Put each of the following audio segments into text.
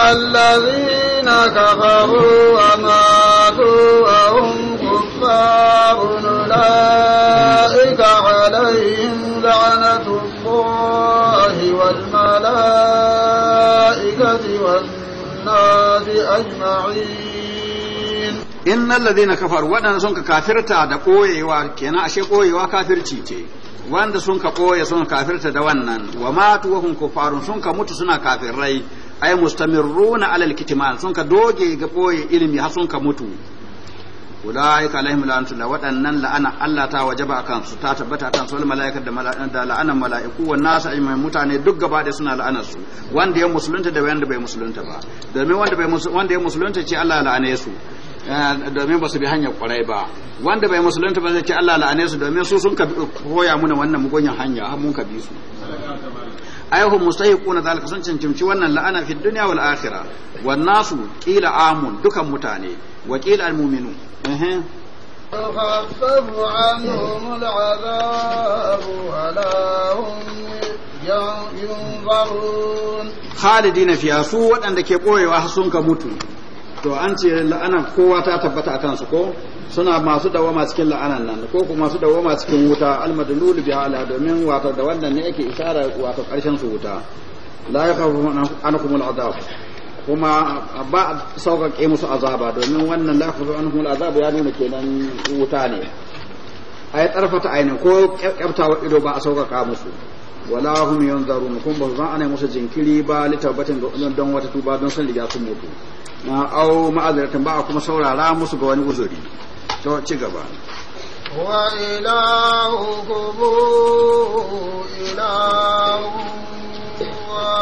الذين كفروا وماتوا وهم كفار أولئك عليهم لعنة الله والملائكة والناس أجمعين in ladina kafar waɗanda sun ka kafirta da ƙoyewa kenan ashe ƙoyewa kafirci ce wanda sun ka ƙoye sun kafirta da wannan wa matu wa hun kufarun sun ka mutu suna kafirai ay mustamirruna ala alkitman sun ka doge ga boye ilimi har sun ka mutu ulaika alaihim la waɗannan la'ana Allah ta wajaba akan su ta tabbata kan su malaikat da da la'anan mala'iku wa nasu ajmai mutane duk gaba da suna la'anar su wanda ya musulunta da wanda bai musulunta ba domin wanda bai wanda ya musulunta ce Allah la'ane su eh, domin ba su bi hanyar kwarai ba wanda bai musulunta ba zai ce Allah la'ane su domin su sun ka koya muna wannan mugunyan hanya mun ka bi su aihum mustahiquna zalika sun cancanci wannan la'ana fi dunya wal akhira. wan nasu qila amun dukan mutane wa qila al mu'minu eh فخفف عنهم العذاب ولا هم ينظرون خالدين su waɗanda ke دكي قوي وحسنك mutu. to an ce la'ana kowa ta tabbata a kansu ko suna masu dawama cikin la'anan nan ko kuma masu dawama cikin wuta almadlul bi ala domin wato da wannan ne yake isara wato karshen su wuta la yakhafu ankum al'adab kuma ba ke musu azaba domin wannan la yakhafu ankum al'adab ya nuna kenan wuta ne ay tarfata ainin ko kyaftawa ido ba a sauƙaƙa musu wala hum yanzarun kun ba za anai musu jinkiri ba litabatin don wata tuba don san riga sun mutu na au ma'azaratan ba a kuma saurara musu ga wani uzuri to ci gaba wa ilahu ilahu wa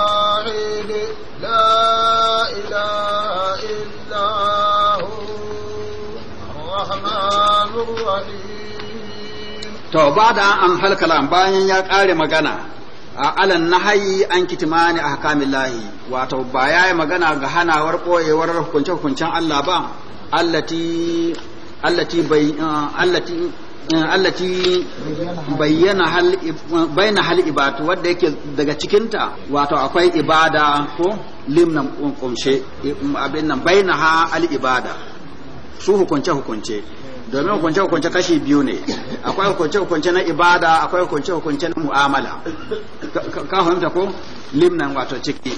ilahu la ilaha illa hu rahmanur rahim to ba da an halkala bayan ya kare magana a alan nahayi an kitimani a hakamin lahi wato ba ya yi magana ga hanawar koyewar hukunce-hukuncen Allah ba allati allati bai uh, allati uh, allati bayyana hal bayna hal ibad wanda yake daga cikinta wato akwai ibada ko limna kumshe um, abin nan bayna ha al ibada su hukunce hukunce domin hukunce hukunce kashi biyu ne akwai hukunce hukunce na ibada akwai hukunce hukunce na mu'amala ka fahimta ko limna wato ciki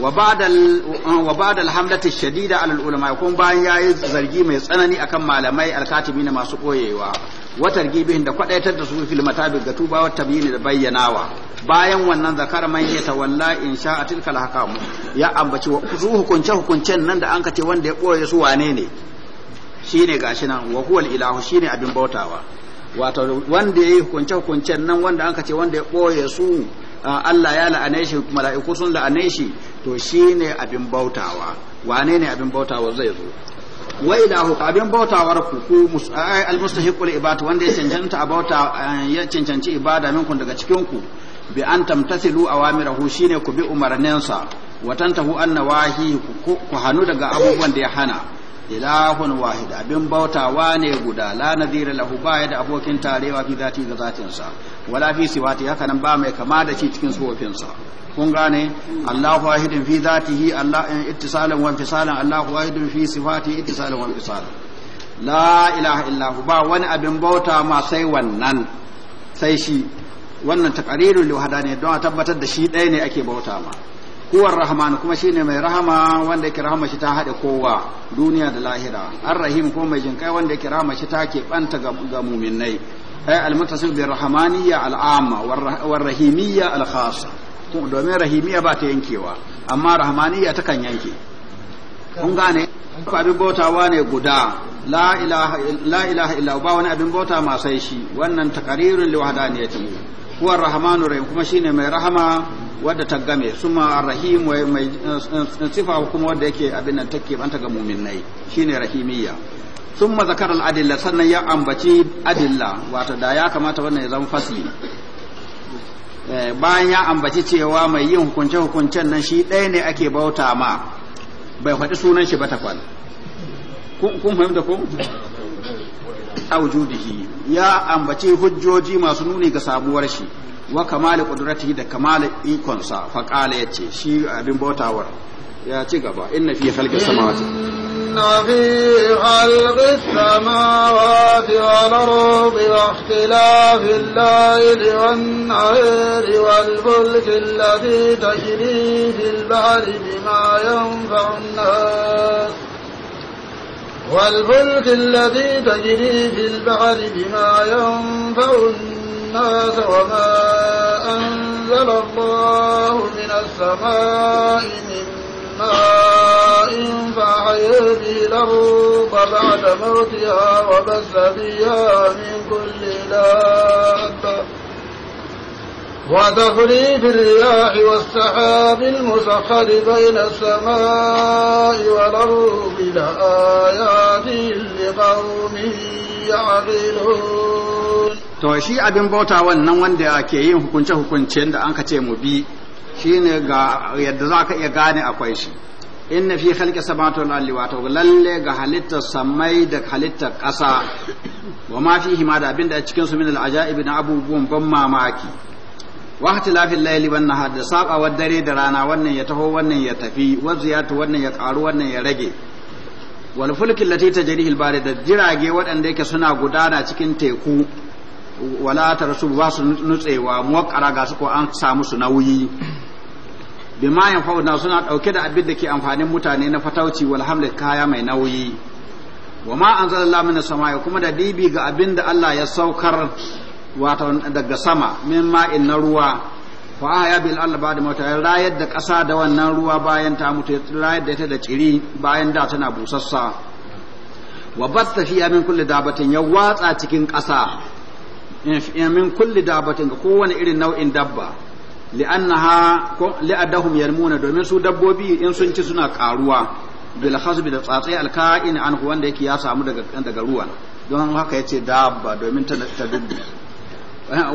wa ba da alhamdata shadida alal ulama kuma bayan ya yi zargi mai tsanani akan malamai alkatimi na masu koyewa watar gibihin da kwadaitar da su fil matabi ga tuba wa tabyini da bayyanawa bayan wannan zakar man ya tawalla insha atilka alhakam ya ambaci wa su hukunce hukuncen nan da an kace wanda ya koye su wane ne shine gashi nan wa huwal ilahu shine abin bautawa wato wanda ya yi hukunce hukuncen nan wanda an wanda ya boye su Allah ya la'ane shi mala'iku sun la'ane shi to shi ne abin bautawa wane ne abin bautawa zai zo wa ilahu abin bautawar ku ku almustahiqul ibada wanda ya cancanta a bauta eh, ya cancanci ibada minkum daga cikin ku bi an tamtasilu awamirahu shine ku bi umarninsa wa tantahu an nawahi ku hanu daga abubuwan da ya hana ilahun wahid abin bautawa ne guda la nadira lahu baya da abokin tarewa fi zati ga zatinsa wala fi siwati haka nan ba mai kama da shi cikin sa kun gane Allahu wahidun fi zatihi Allah eh, ittisalan wa infisalan Allahu fi ittisalan wa infisalan la ilaha illa ba wani abin bauta ma sai wannan sai shi wannan taqrirul ne don a tabbatar da shi ɗaya ne ake bauta ma huwar rahman kuma shine mai rahama wanda yake rahama shi ta haɗe kowa duniya da lahira An rahim ko mai jinkai wanda yake rahama shi ta ke banta ga muminai ay al bi rahmaniyya al'ama, war rahimiyya al-khassa domin rahimiya ba ta yankewa amma rahmaniya ta kan yanke kun gane abin bautawa ne guda la ilaha illa ba wani abin bauta ma shi wannan takaririn li mu huwa rahmanu rahim kuma shine mai rahama wadda ta game suma arrahim wa mai eh, sifa kuma wadda yake abin nan take banta ga mu'minai shine rahimiyya thumma zakara al-adilla sannan ya ambaci adilla wato da ya kamata wannan ya zama fasli Eh, bayan ya ambaci cewa mai yin hukunce-hukuncen nan shi ɗaya ne ake bauta ma bai faɗi sunan shi ba ta takwal kun fahimta ko aujudihi ya ambaci hujjoji masu nuni ga sabuwar shi wa kamali kudurati da kamali ikonsa faƙala ya yace shi abin bautawar ya ci gaba inna fi khalqis samawati إن في خلق السماوات والأرض واختلاف الليل والنهار والفلك التي تجري في البحر بما ينفع الناس والفلك الذي تجري في البحر بما ينفع الناس وما أنزل الله من السماء من ماء فأحيا به الأرض بعد موتها وبث فيها من كل دابة وتفريب الرياح والسحاب المسخر بين السماء والأرض لآيات لقوم يعقلون to shi abin bauta wannan wanda ke yin hukunce-hukuncen da an ka ce mu bi shine ga yadda za ka iya gane akwai shi inna fi khalqi samawati wal ardi wa lalle ga halittar samai da halittar ƙasa wa ma fi hima da abinda a cikin su min al ajaib na abubuwan ban mamaki wa ikhtilafil layli wan nahar da sabawar dare da rana wannan ya taho wannan ya tafi wa ziyatu wannan ya karu wannan ya rage wal fulki allati tajrihi al da jirage waɗanda yake suna gudana cikin teku wala tarasu ba su nutsewa muwakara ga su ko an samu su nauyi fa'u na suna dauke da abin da ke amfanin mutane na fatauci wal kaya mai nauyi wa ma anzalallahu min samai kuma da dibi ga abin da Allah ya saukar wato daga sama min ma'in na ruwa fa ya bil allah ba da mutane rayar da kasa da wannan ruwa bayan ta mutu rayar da ita da ciri bayan da tana busassa wa batta fiya min kulli dabatin ya watsa cikin kasa in min kulli dabatin ga kowane irin nau'in dabba li'annaha li'adahum yalmuna domin su dabbobi in sun ci suna karuwa bil hasbi da tsatsi alka'in an wanda yake ya samu daga daga don haka yace dabba domin ta ta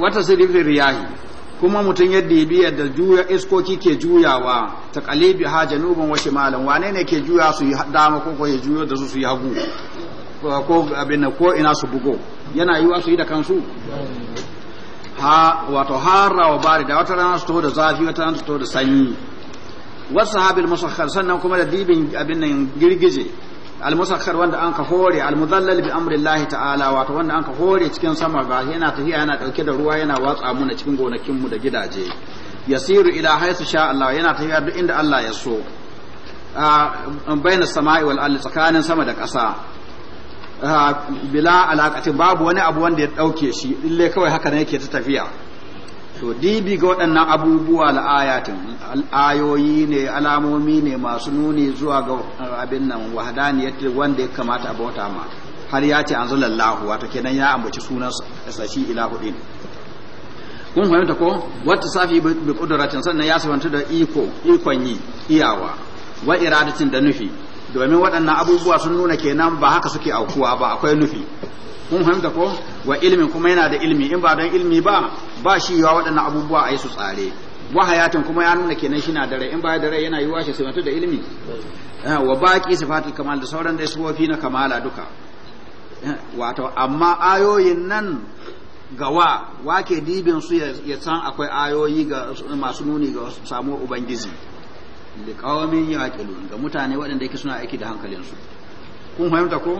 wata sirri riyahi kuma mutum yadda ya da juya iskoki ke juyawa ta kalibi ha januban wa shimalan wane ne ke juya su yi dama ko ko juyo da su su yi hagu ko abin ina su bugo yana yiwa su yi da kansu ha wato harra wa barida wata rana su to da zafi wata rana su da sanyi wasu habil musakhar sannan kuma da dibin abin nan girgije almusakhar wanda an ka hore almudallal bi amrillahi ta'ala wato wanda an ka hore cikin sama ga yana tafiya yana dauke da ruwa yana watsa na cikin gonakin mu da gidaje yasiru ila haisu sha Allah yana tafiya duk inda Allah ya so A ah, bayyana sama'i wal ardi tsakanin sama da ƙasa bila alaƙatin babu wani abu wanda ya ɗauke shi ille kawai haka ne yake ta tafiya to dibi ga waɗannan abubuwa la'ayatin ayoyi ne alamomi ne masu nuni zuwa ga abin nan yadda wanda ya kamata a bauta ma har ya ce lallahu wato kenan ya ambaci sunan sashi hudu ne kun fahimta ko wata safi bi kudratin sannan ya sabanta da iko ikon yi iyawa wa iradatin da nufi domin waɗannan abubuwa sun nuna kenan ba haka suke aukuwa ba akwai nufi kun fahimta ko wa ilmin kuma yana da ilmi in ba don ilmi ba ba shi yawa waɗannan abubuwa a yi su tsare wa hayatin kuma ya nuna kenan shi na dare in ba ya dare yana yiwa shi sifatu da ilmi eh, wa su sifatul kamal da sauran da sifofi na kamala duka eh, wato amma ayoyin nan gawa wake dibin su ya san akwai ayoyi ga masu nuni ga samuwar ubangiji liqawamin yaqilun ga mutane waɗanda yake suna aiki da hankalinsu kun fahimta ko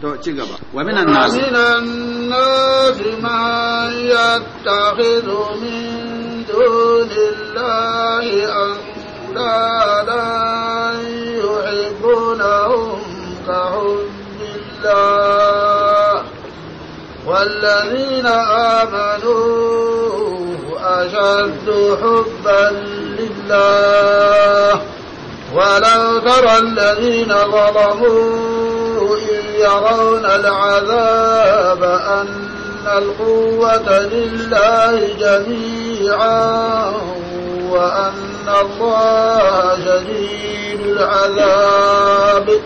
to ci gaba wa minan nas minan nas ma yattakhidhu min dunillahi andada yuhibbunahum ka hubbillah والذين آمنوا أشد حبا لله ولو ترى الذين ظلموا إذ يرون العذاب أن القوة لله جميعا وأن الله شديد العذاب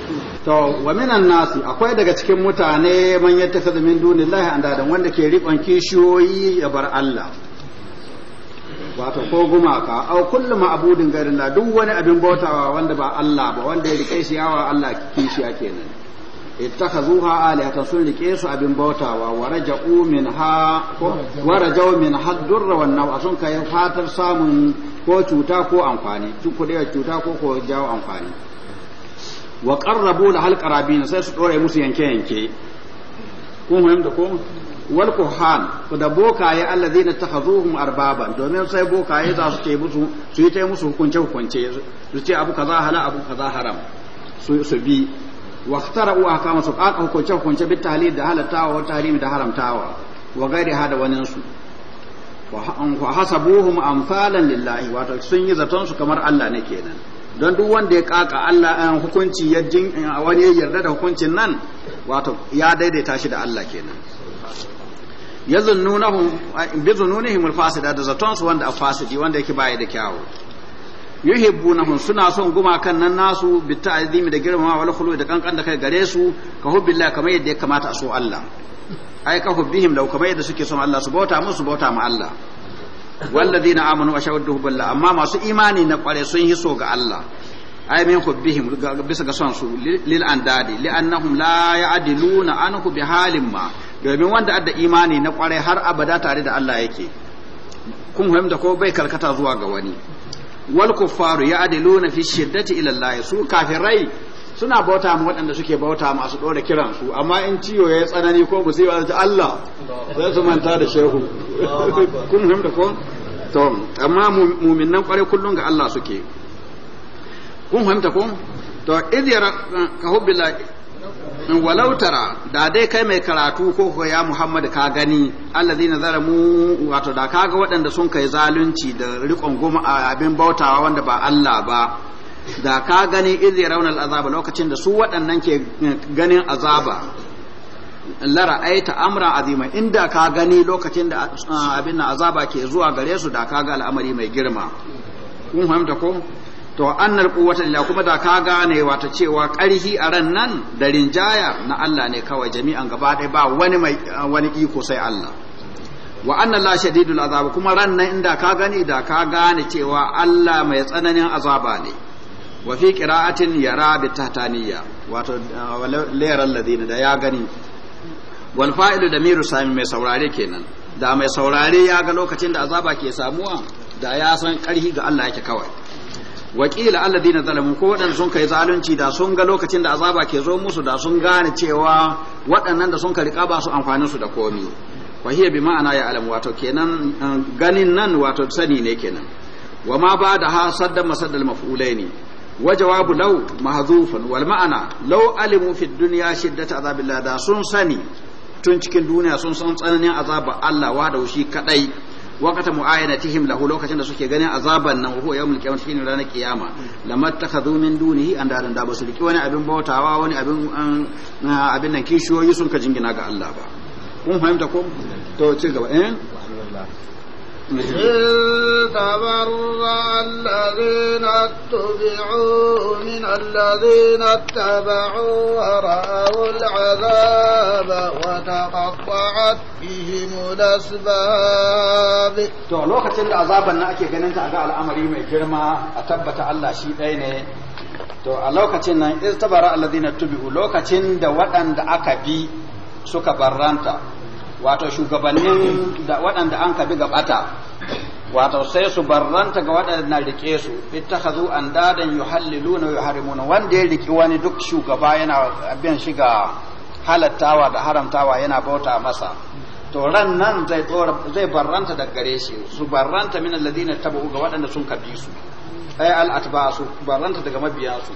to wa minan nasi akwai daga cikin mutane man yattakhadhu min dunillahi andadan wanda ke rikon kishiyoyi ya bar Allah wato ko gumaka au kullu ma'budin na duk wani abin bautawa wanda ba Allah ba wanda ya rike shi yawa Allah kishiya kenan ittakhazuha alihatan sun rike su abin bautawa wa raja'u minha wa raja'u min haddur wa nawa sun kai fatar samun ko cuta ko amfani cuta ko ko jawo amfani wa qarrabu la hal qarabina sai su dore musu yanke yanke kun fahimta ko wal kuhan da bokaye allazina takhazuhum arbaban domin sai bokaye za su ke musu su yi ta musu hukunce hukunce su ce abu kaza hala abu kaza haram su su bi wa ikhtara'u ahkama su aka hukunce hukunce bit tahlil da halatawa wa tahrim da haramtawa wa gairi hada wanin su wa hasabuhum amsalan lillahi wato sun yi zaton su kamar Allah ne kenan don duk wanda ya kaka Allah an eh, hukunci ya eh, wani ya yarda da hukuncin nan wato ya daidaita shi da Allah kenan yazunnunahum eh, himul alfasida da zaton su wanda afasidi wanda yake baya da kyawu yuhibbunahum suna son gumakan nan nasu bitta'zimi da girma, wal khulu da kankan da kai gare su ka hubbillahi kamar yadda ya kamata a so Allah ai ka hubbihim law kamar yadda suke son Allah su bauta musu bauta ma Allah wallazina amanu ashaddu hubban amma masu imani na kware sun hiso ga Allah ay min hubbihim bisa ga son su lil andadi li annahum la ya'diluna anhu bi halin ma domin wanda adda imani na kware har abada tare da Allah yake kun fahimta ko bai kalkata zuwa ga wani wal kuffaru ya'diluna fi shiddati ila Allah su kafirai suna bauta mu waɗanda suke bauta masu ɗora kiran su amma in ciwo ya tsanani ko musiba ta Allah sai su manta da shehu kun da ko to amma nan kware kullun ga Allah suke kun fahimta ko to idyara ka hubbillah walau tara da dai kai mai karatu ko ya Muhammad ka gani allazina mu wato da kaga waɗanda sun kai zalunci da riƙon goma abin bautawa wanda ba Allah ba da ka gani izi raunar azaba lokacin da su waɗannan ke ganin azaba lara aita amra azima inda ka gani lokacin da abin azaba ke zuwa gare su da ka ga al'amari mai girma kun fahimta ko to annal quwwata lillahi kuma da ka gane wata cewa ƙarhi a ran nan da rinjaya na Allah ne kawai jami'an gaba ɗaya ba wani mai wani iko sai Allah wa anna la shadidul azab kuma ran nan inda ka gani da ka gane cewa Allah mai tsananin azaba ne wa fi qira'atin yara bi wato leran ladina da ya gani wal da miru sami mai saurare kenan da mai saurare ya ga lokacin da azaba ke samuwa da ya san karhi ga Allah yake kawai wakila alladina zalamu ko waɗanda sun kai zalunci da sun ga lokacin da azaba ke zo musu da sun gane cewa waɗannan da sun ka riƙa ba su amfanin su da komi wa hiya bi ma'ana ya alamu wato kenan eh, ganin nan wato sani ne kenan wa ma ba da ha sadda masaddal maf'ulaini wa jawabu law mahzufun wal ma'ana law alimu fi dunya shiddata azabillah da sun sani tun cikin duniya sun san tsananin azaba Allah wa da shi kadai waqata mu'ayanatihim lahu lokacin da suke ganin azaban nan huwa yawmul qiyamah shine ranar kiyama lamma takhadhu min dunihi an da basu riki wani abin bautawa wani abin abin nan kishiyoyi sun ka jingina ga Allah ba kun fahimta ko to ci gaba eh إذ تبرأ الذين اتبعوا من الذين اتبعوا ورأوا العذاب وتقطعت بهم الأسباب to lokacin da azaban na ake ganin ta ga al'amari mai girma a tabbata Allah shi ɗaya ne to a lokacin nan iz tabara alladhina tubi'u lokacin da waɗanda aka bi suka barranta wato shugabannin da waɗanda an kabi gabata wato sai su barranta ga waɗanda rike su ittakhazu andadan yuhalliluna wa yuharrimuna wanda ya riki wani duk shugaba yana abin shiga halattawa da haramtawa yana bauta masa to ran nan zai zai barranta da gare shi su barranta min alladhina tabu ga waɗanda sun kabi su ay al atba su barranta daga mabiyansu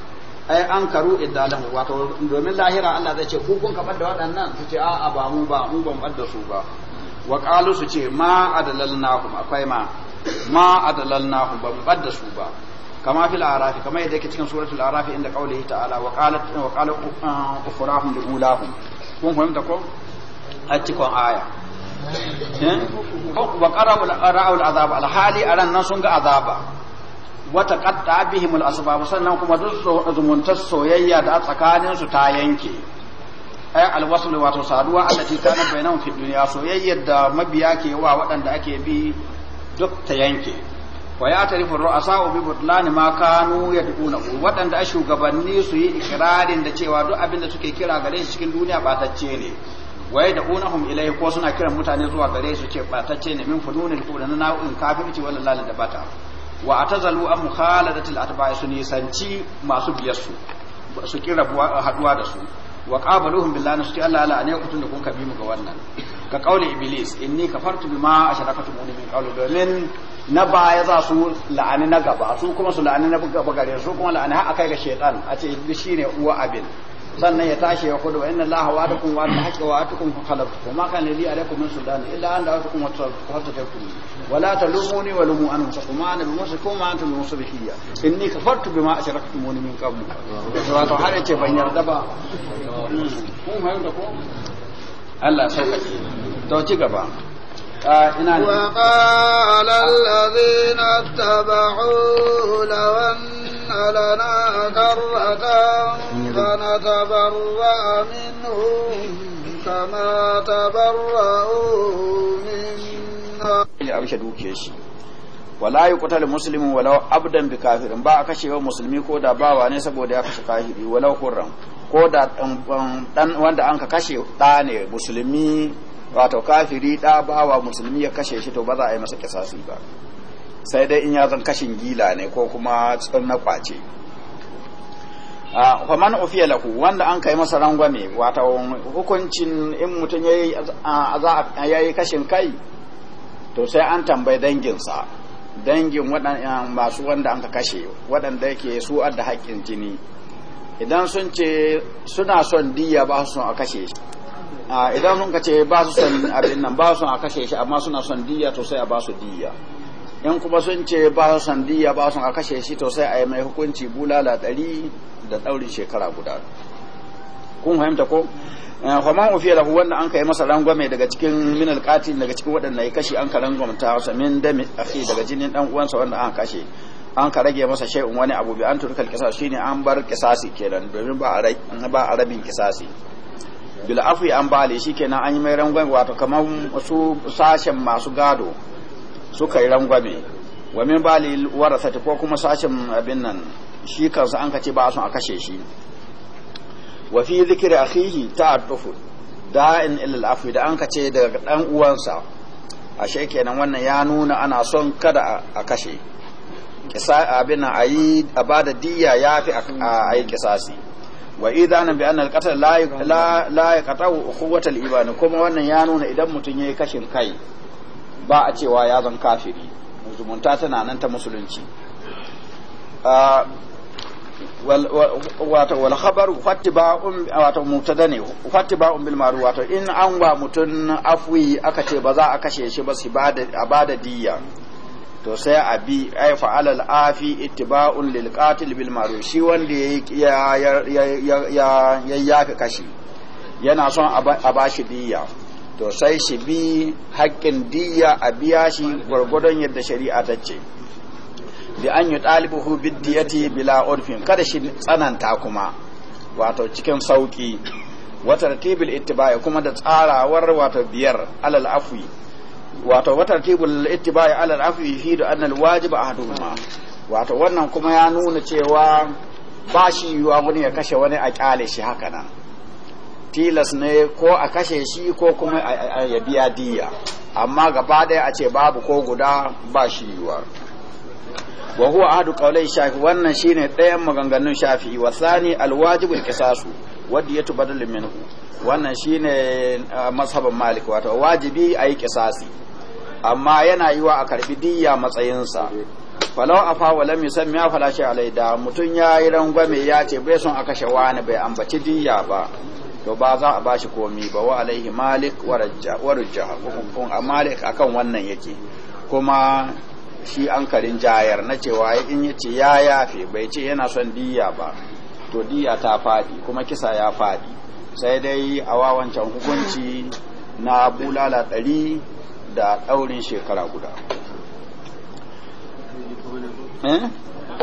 ai an karu iddalahu wato domin lahira Allah zai ce ku kun kamar da waɗannan su ce a'a ba mu ba mu ban bar da su ba wa qalu su ce ma adalalnahum akwai ma ma adalalnahum ba mu bar da su ba kama fil arafi kama yadda yake cikin suratul arafi inda qaulihi ta'ala wa qalat wa qala uh, ukhrahum liulahum kun fahimta ko a cikin aya eh? wa qara'u al-azab al-hali aran nan sun ga azaba wata qatta bihim asbab sannan kuma duk zumuntar soyayya da tsakanin su ta yanke ay al wato saduwa allati kana bainahum fi dunya soyayyar da mabiya ke wa waɗanda ake bi duk ta yanke wa ya tarifu ru'asa bi butlan ma kanu yad'una waɗanda a shugabanni su yi ikirarin da cewa duk abin da suke kira gare shi cikin duniya ce ne waye da unahum ilai ko suna kiran mutane zuwa gare su ce batacce ne min fununil na'u in kafirci wallahi da bata wa atazalu an mukhaladatil atba'i su nisanci masu biyar su su kira haduwa da su wa qabaluhum billahi suti Allah la ne kutun da kun kabi mu ga wannan ka kauli iblis inni kafartu bima asharakatu min qawli domin na baya za su la'ani na gaba su kuma su la'ani na gaba gare su kuma la'ani har kai ga shaytan a ce shi ne uwa abin sannan ya tashi ya kudu inna allaha wa'adakum wa al haqqi wa atukum fa khalaqtu ma kana li alaykum min sultan illa an da'atukum wa tafattakum wa la talumuni wa lumu anfusakum ma ana bimusikum ma antum bimusbihiyya inni kafartu bima ashraktumuni min qabl wato har yace ban yarda ba hmm. kun fahimta ko Allah sauƙaƙe to ci gaba وقال الذين اتبعوه لو أن لنا كرة فنتبرأ منهم كما تبرأوا منا wala yi kutar musulmi walau abdan bi kafirin ba a kashewa musulmi ko da bawa ne saboda ya kashe kafiri walau hurran ko da wanda an ka kashe ɗa ne musulmi wato kafiri da bawa musulmi ya kashe shi to ba za a yi masa kisasi ba sai dai in ya zan kashin gila ne ko kuma na kwace fa man ufiya lahu wanda an kai masa rangwame wato hukuncin in mutum yayi za a yayi kashin kai to sai an tambayi danginsa dangin waɗannan masu wanda an ka kashe waɗanda yake su da haƙƙin jini idan sun ce suna son diya ba su a kashe shi idan sun kace ba su son abin nan ba su a kashe shi amma suna son diya to sai a ba su diya in kuma sun ce ba su son diya ba su a kashe shi to sai a yi mai hukunci bulala ɗari da daurin shekara guda kun fahimta ko kuma kwaman da ku wanda an kai masa rangwame daga cikin minal qatil daga cikin waɗanda ya kashe an ka rangwamta wasa min dami akhi daga jinin dan uwansa wanda an kashe an ka rage masa shay'un wani abu bi an turkal qisas shine an bar kisasi kenan domin ba a ba a rabin qisasi bilafi afi an bale shikenan an yi mai rangwame wato kamar su sashen masu gado suka yi rangwame wa min bali warasati ko kuma sashen abin nan shi kansa an kace ba su a kashe shi wa fi zikri akhihi ta'addufu da'in ila da an kace daga dan uwansa ashe kenan wannan ya nuna ana son kada a kashe kisa abin a yi a bada diya yafi a yi kisasi wa idanan bi annal qatl la la yaqta'u quwwat al iman kuma wannan ya nuna idan mutun yayi kashin kai ba a cewa ya zan kafiri zumunta tana nan ta musulunci wato wal khabaru fattiba'un wato mubtada ne fattiba'un bil ma'ruf wato in an wa mutun afwi aka ce ba za a kashe shi ba su a bada diyya to sai a bi ai alal afi ittiba'un lil qatil bil ma'ruf shi wanda ya ya ya kashi yana son a ba shi diya to sai shi bi haƙƙin diya a biya shi gwargwadon yadda shari'a ta ce bi an yi ɗalibuhu biddiyati bila urfin kada shi tsananta kuma wato cikin sauƙi wata tartibil ittiba'i kuma da tsarawar wato biyar alal afwi wato watar tibul ittiba'i ala al afi fi da anna al-wajib ahaduhuma wato wannan kuma ya nuna cewa ba shi yiwuwa wani ya kashe wani a kyale shi haka nan tilas ne ko a kashe shi ko kuma ya biya diya amma gaba ɗaya a ce babu ko guda ba shi yiwuwa wa huwa ahadu qawlai shafi wannan shine ɗayan maganganun shafi wa sani alwajibul qisasu wadda ya tubadalu minhu wannan shine mashabin malik wato wajibi a yi kisasi amma yana yi wa a karbi diyya matsayinsa falau a fa walam ya falashe alaida da mutum ya yi rangwame ya ce bai son a kashe wani bai ambaci diyya ba to ba za a ba shi komi ba wa alaihi malik wa rujja a malik akan wannan yake kuma shi an karin jayar na cewa in ya ya yafe bai ce yana son diyya ba to diyya ta faɗi kuma kisa ya faɗi sai dai a wawancan hukunci na bulala ɗari da ɗaurin shekara guda eh?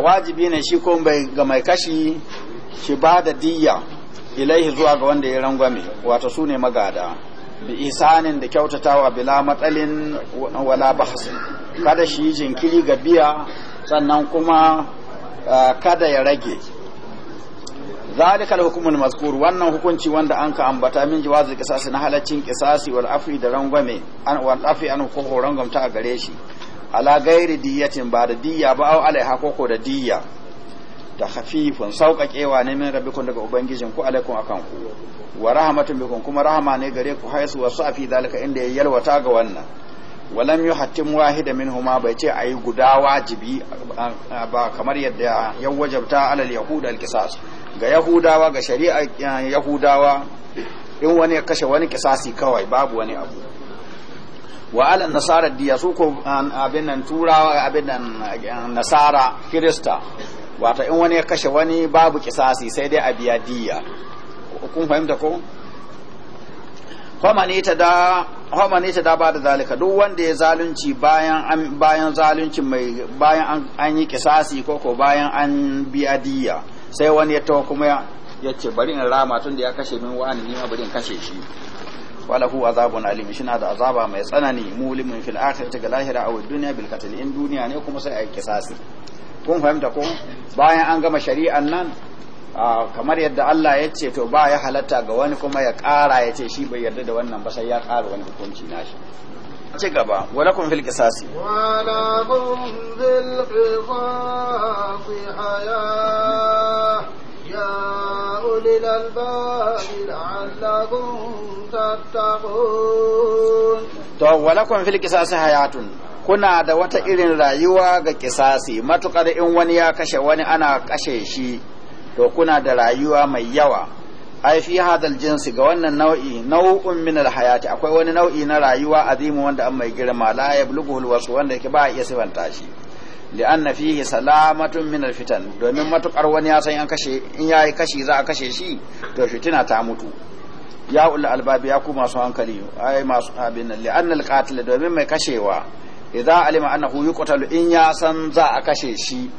wajibi ne shi ko ga mai kashi shi ba da diyya ilaihi zuwa ga wanda ya rangwame wata su ne magada bi isanin da kyautatawa bila matsalin wala bahasin kada shi jinkiri ga biya sannan kuma eh, kada ya rage zalikan al-hukmul wannan hukunci wanda an ka ambata min jawazil qisas na halaccin qisasi wal afi da rangwame an wal afi an ko rangamta a gare shi ala gairi diyatin ba da diyya ba au alai ko ko da diyya da khafifun sauƙaƙewa ne min rabbikum daga ubangijin ku alaikum akan ku wa rahmatun bikum kuma rahama ne gare ku haisu wasu afi zalika inda ya yalwata ga wannan walam yuhattim wahida minhuma bai ce ayi guda wajibi ba kamar yadda ya wajabta alal yahud al-qisas ga yahudawa ga shari'a eh, yahudawa in wani ya kashe wani kisasi kawai babu wani abu wa ala nasara diya su ko abin nan turawa abin nan eh, nasara kirista wato in wani ya kashe wani babu kisasi sai dai a biya diya kun fahimta ko ne ta da ba da zalika duk wanda ya zalunci bayan bayan zalunci mai bayan an yi kisasi ko ko bayan an biya diya sai wani ya taho kuma ya ce bari in rama tun da ya kashe min wani ma bari in kashe shi walahu azabun alim shi na da azaba mai tsanani mulimin fil akhirati ga lahira aw dunya bil qatl in duniya ne kuma sai a kisasi kun fahimta ko bayan an gama shari'an nan kamar yadda Allah ya ce to ba ya halatta ga wani kuma ya kara ya ce shi bai yarda da wannan ba sai ya kara wani hukunci nashi ci gaba wala kun fil qisasi wala kun fil qisasi haya ya ulil albab la'allakum tattaqun to wala kun fil qisasi hayatun kuna da wata irin rayuwa ga kisasi matukar in wani ya kashe wani ana kashe shi to kuna da rayuwa mai yawa ai fi hadal jinsi ga wannan nau'i nau'un min alhayati akwai wani nau'i na rayuwa azimu wanda an mai girma la yablughul wasu wanda yake ba iya sifanta shi li'anna fihi salamatun min alfitan domin matukar wani ya san an kashe in yayi kashi za a kashe shi to fitina ta mutu ya ul albab ya ku masu hankali ai masu abin li'anna alqatil domin mai kashewa idza alima annahu yuqtalu in ya san za a kashe shi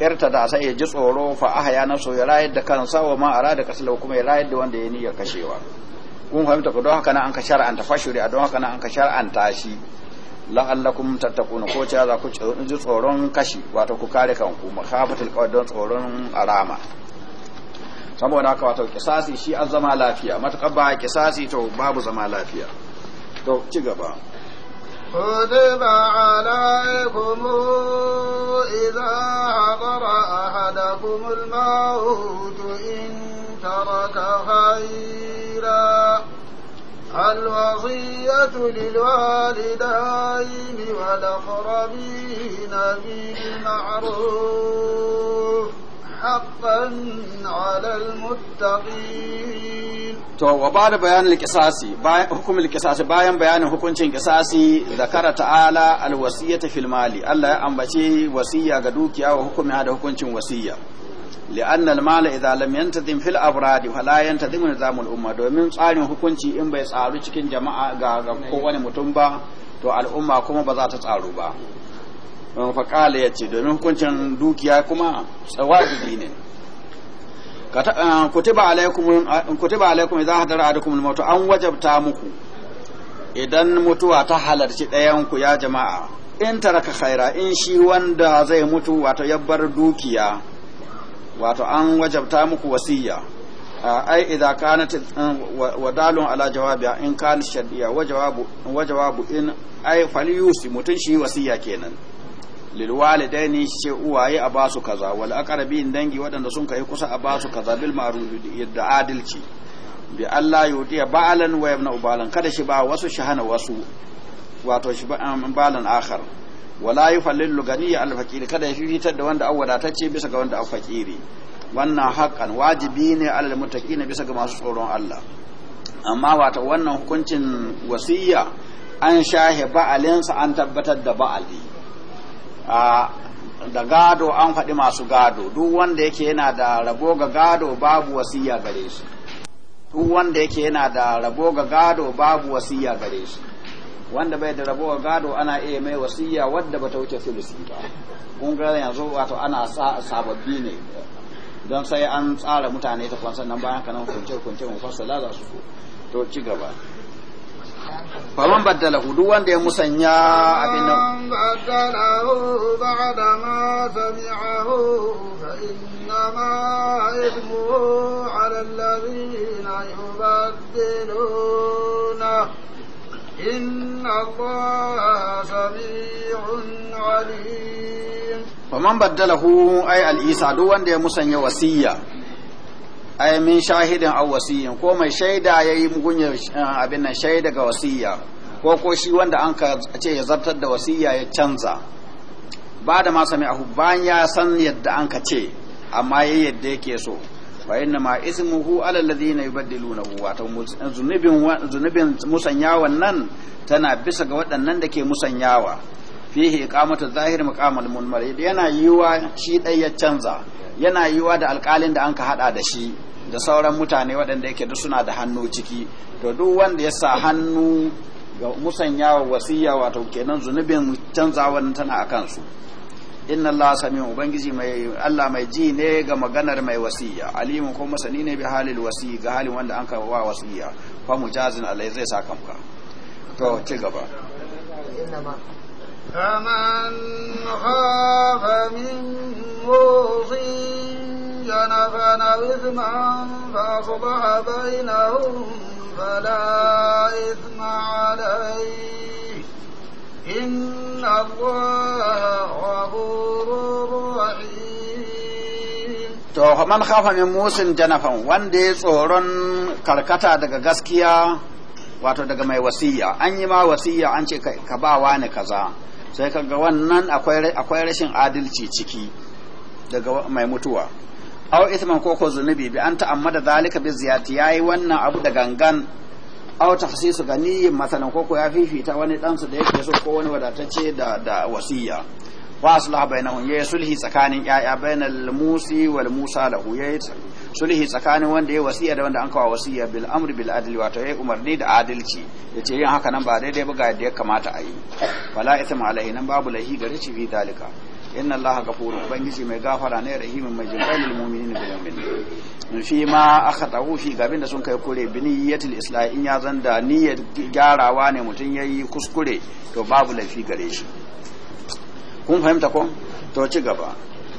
irta da sai ya ji tsoro fa ahya nafsu ya rayar da kansa wa ma arada kasala kuma ya rayar da wanda ya niyya kashewa kun fahimta ko don haka nan an ka shar'anta fashuri a don haka nan an ka shar'anta shi la'allakum tattakuna ko cewa za ku ji tsoron kashi wato ku kare kanku mahabatul qawl don tsoron arama saboda haka wato kisasi shi an zama lafiya matakar ba kisasi to babu zama lafiya to ci gaba كتب عليكم إذا حضر أحدكم الموت إن ترك خيرا الوصية للوالدين والأقربين بالمعروف حقا على المتقين bayan bayanin hukuncin kisasi zakara ta'ala alwasiyata fil mali Allah ya ambace wasiya ga dukiya wa wasiya li'an al abradi fala yantazim domin tsarin hukunci in bai tsaru cikin jama'a ga kowane mutum ba to al'umma kuma ba za ta tsaru ba faƙala ya ce domin hukuncin dukiya kuma tsawajibi ne ah, kutiba alaikum idan hadara adukum mutu an wajabta muku idan mutuwa ta halarci ɗayanku ya jama'a in taraka khaira in shi wanda zai mutu wato yabbar dukiya wato an wajabta muku wasiya ai idza kanat wadalun ala jawabi in kana shaddiya wajawabu wajawabu in ai yusi mutun shi wasiya kenan lilwalidaini ce uwaye a basu kaza wal aqrabin dangi waɗanda sun kai kusa a basu kaza bil ma'ruf yadda adalci bi Allah yudiya ba'alan wa ibn ubalan kada shi ba wasu shahana wasu wato shi balan um, akhar wala yufallil ganiyya al faqir kada ya fitar da wanda awwadatacce bisa ga wanda fakiri wannan haƙan wajibi ne alal muttaqina bisa ga masu tsoron Allah amma wato wannan hukuncin wasiya an shahe ba'alinsa an tabbatar da ba'ali da gado an faɗi masu gado duk wanda yake yana da rabo ga gado babu wasiya gare shi duk wanda yake yana da rabo ga gado babu wasiya gare shi wanda bai da rabo ga gado ana iya mai wasiya wadda bata wuce filisi ba kun ga yanzu wato ana sababbi ne don sai an tsara mutane ta kwansan nan bayan kanan kunce kunce mu fassala za su so to ci gaba faman baddalahu duk wanda ya musanya abin nan baddalahu ba'da ma sami'ahu fa inna ma ithmuhu 'ala alladhina yubaddiluna inna allaha sami'un 'alim faman baddalahu ay al-isa duk wanda ya musanya wasiyya ay min shahidin aw wasiyyin ko mai shaida yayi mugunya eh, abin nan shaida ga wasiyya ko ko shi wanda an ka ce ya zartar da wasiyya ya canza ba da ma sami ahu bayan ya san yadda an ka ce amma ya yadda yake so fa inna ma ismuhu ala alladhina wa wato zunubin zunubin musanyawan nan tana bisa ga waɗannan da ke musanyawa fihi iqamatu zahir maqamal munmar yana yiwa shi dai ya canza yana yiwa da alƙalin da an ka hada da shi da sauran mutane waɗanda yake duk suna da hannu ciki to duk wanda ya sa hannu ga musanya wa wasiya wato kenan zunubin wani tana a kansu inna Allah sami'u ubangiji mai Allah mai ji ne ga maganar mai wasiya alimu ko masani ne bi halil wasi ga halin wanda an ka wa wasiya fa mujazin alai zai sakamka to ci gaba فمن خاف من موص جنفا إثما فأصبح بينهم فلا إثم عليه إن الله غفور to man khafa min musin janafan wanda ya tsoron karkata daga gaskiya wato daga mai wasiya an yi ma wasiya an ce ka ba wani kaza sai ga wannan akwai rashin adalci ciki daga mai mutuwa au isman ko ko zunubi bi an ta'ammada zalika bi ziyati yayi wannan abu da gangan Au tafsisu gani masalan ko ko ya fifita wani dan su da yake so ko wani wadatacce da da wasiya wa aslaha bainahum sulhi tsakanin yaya bainal musi wal musa lahu yayi sulhi tsakanin wanda ya wasiya da wanda an kawo wasiya bil amri bil adli wato ya umarni da adalci yace yin haka nan ba daidai ba ga yadda ya kamata a yi ita ithma alaihi nan babu lahi gare shi fi dalika inna allaha ghafurun ubangiji mai gafara ne rahimin mai jinkai lil mu'minin bil mu'min fi ma akhadahu fi gabin da sun kai kure bi niyyatil in ya zanda niyyar gyarawa ne mutun yayi kuskure to babu lafi gare shi kun fahimta ko to ci gaba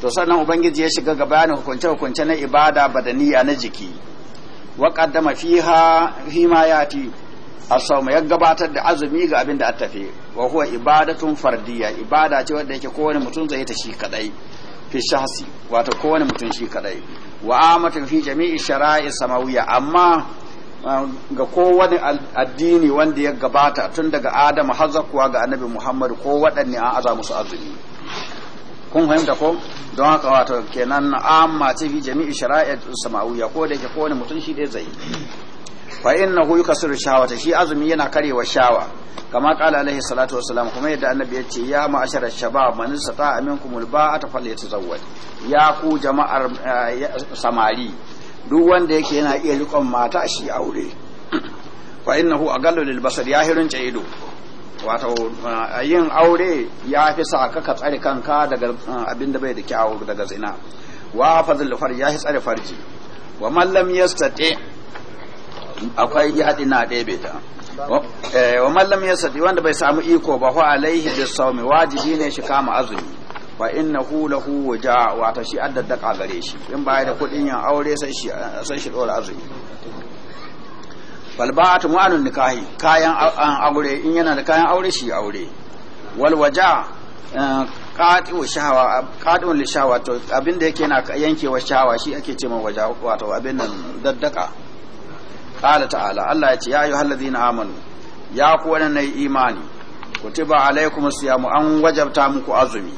to sannan ubangiji ya shiga ga bayanin hukunce hukunce na ibada badaniya na jiki wa qaddama fiha fi ya a ya gabatar da azumi ga abin da attafe wa huwa ibadatun fardiyya ibada ce wanda yake kowane mutum zai ta shi kadai fi shahsi wato kowane mutum shi kadai wa amatun fi jami'i shara'i samawiyya amma uh, ga kowane addini wanda ya gabata tun daga Adam har zakuwa ga Annabi Muhammad ko waɗanne an aza musu azumi kun fahimta ko don haka wato kenan na amma ce fi jami'i samawu ya ko da yake kowane mutum shi dai zai fa innahu yukasiru shawata shi azumi yana karewa shawa kama kala alaihi salatu wassalam kuma yadda annabi ya ce ya ma'ashara shabab man sata aminkum ta falyatazawwaj ya ku jama'ar eh, samari duk wanda yake yana iya rikon mata shi aure fa innahu aqallu lil basar ya hirunce ido wato uh, yin aure ya fi sa ka ka tsare kanka daga uh, abin da bai da kyawu daga zina wa fadl far ya fi tsare farji wa man lam yastati akwai jihadi na ɗebe ta eh, wa man lam yastati wanda bai samu iko ba fa alaihi bis sawmi wajibi ne shi kama azumi fa innahu lahu waja wato shi addadaka gare shi in baya da kuɗin yin aure sai shi sai shi dora azumi fal ba'atu mu'anun nikahi kayan aure in yana da kayan aure shi aure wal waja eh, qati'u shahawa qati'un lishawa to abin da yake na yankewa shahawa shi ake ce ma waja wato abin nan daddaka qala ta'ala Allah ya ce ya ayyuhal amanu ya ku wannan imani kutiba alaikumus siyamu an wajabta muku azumi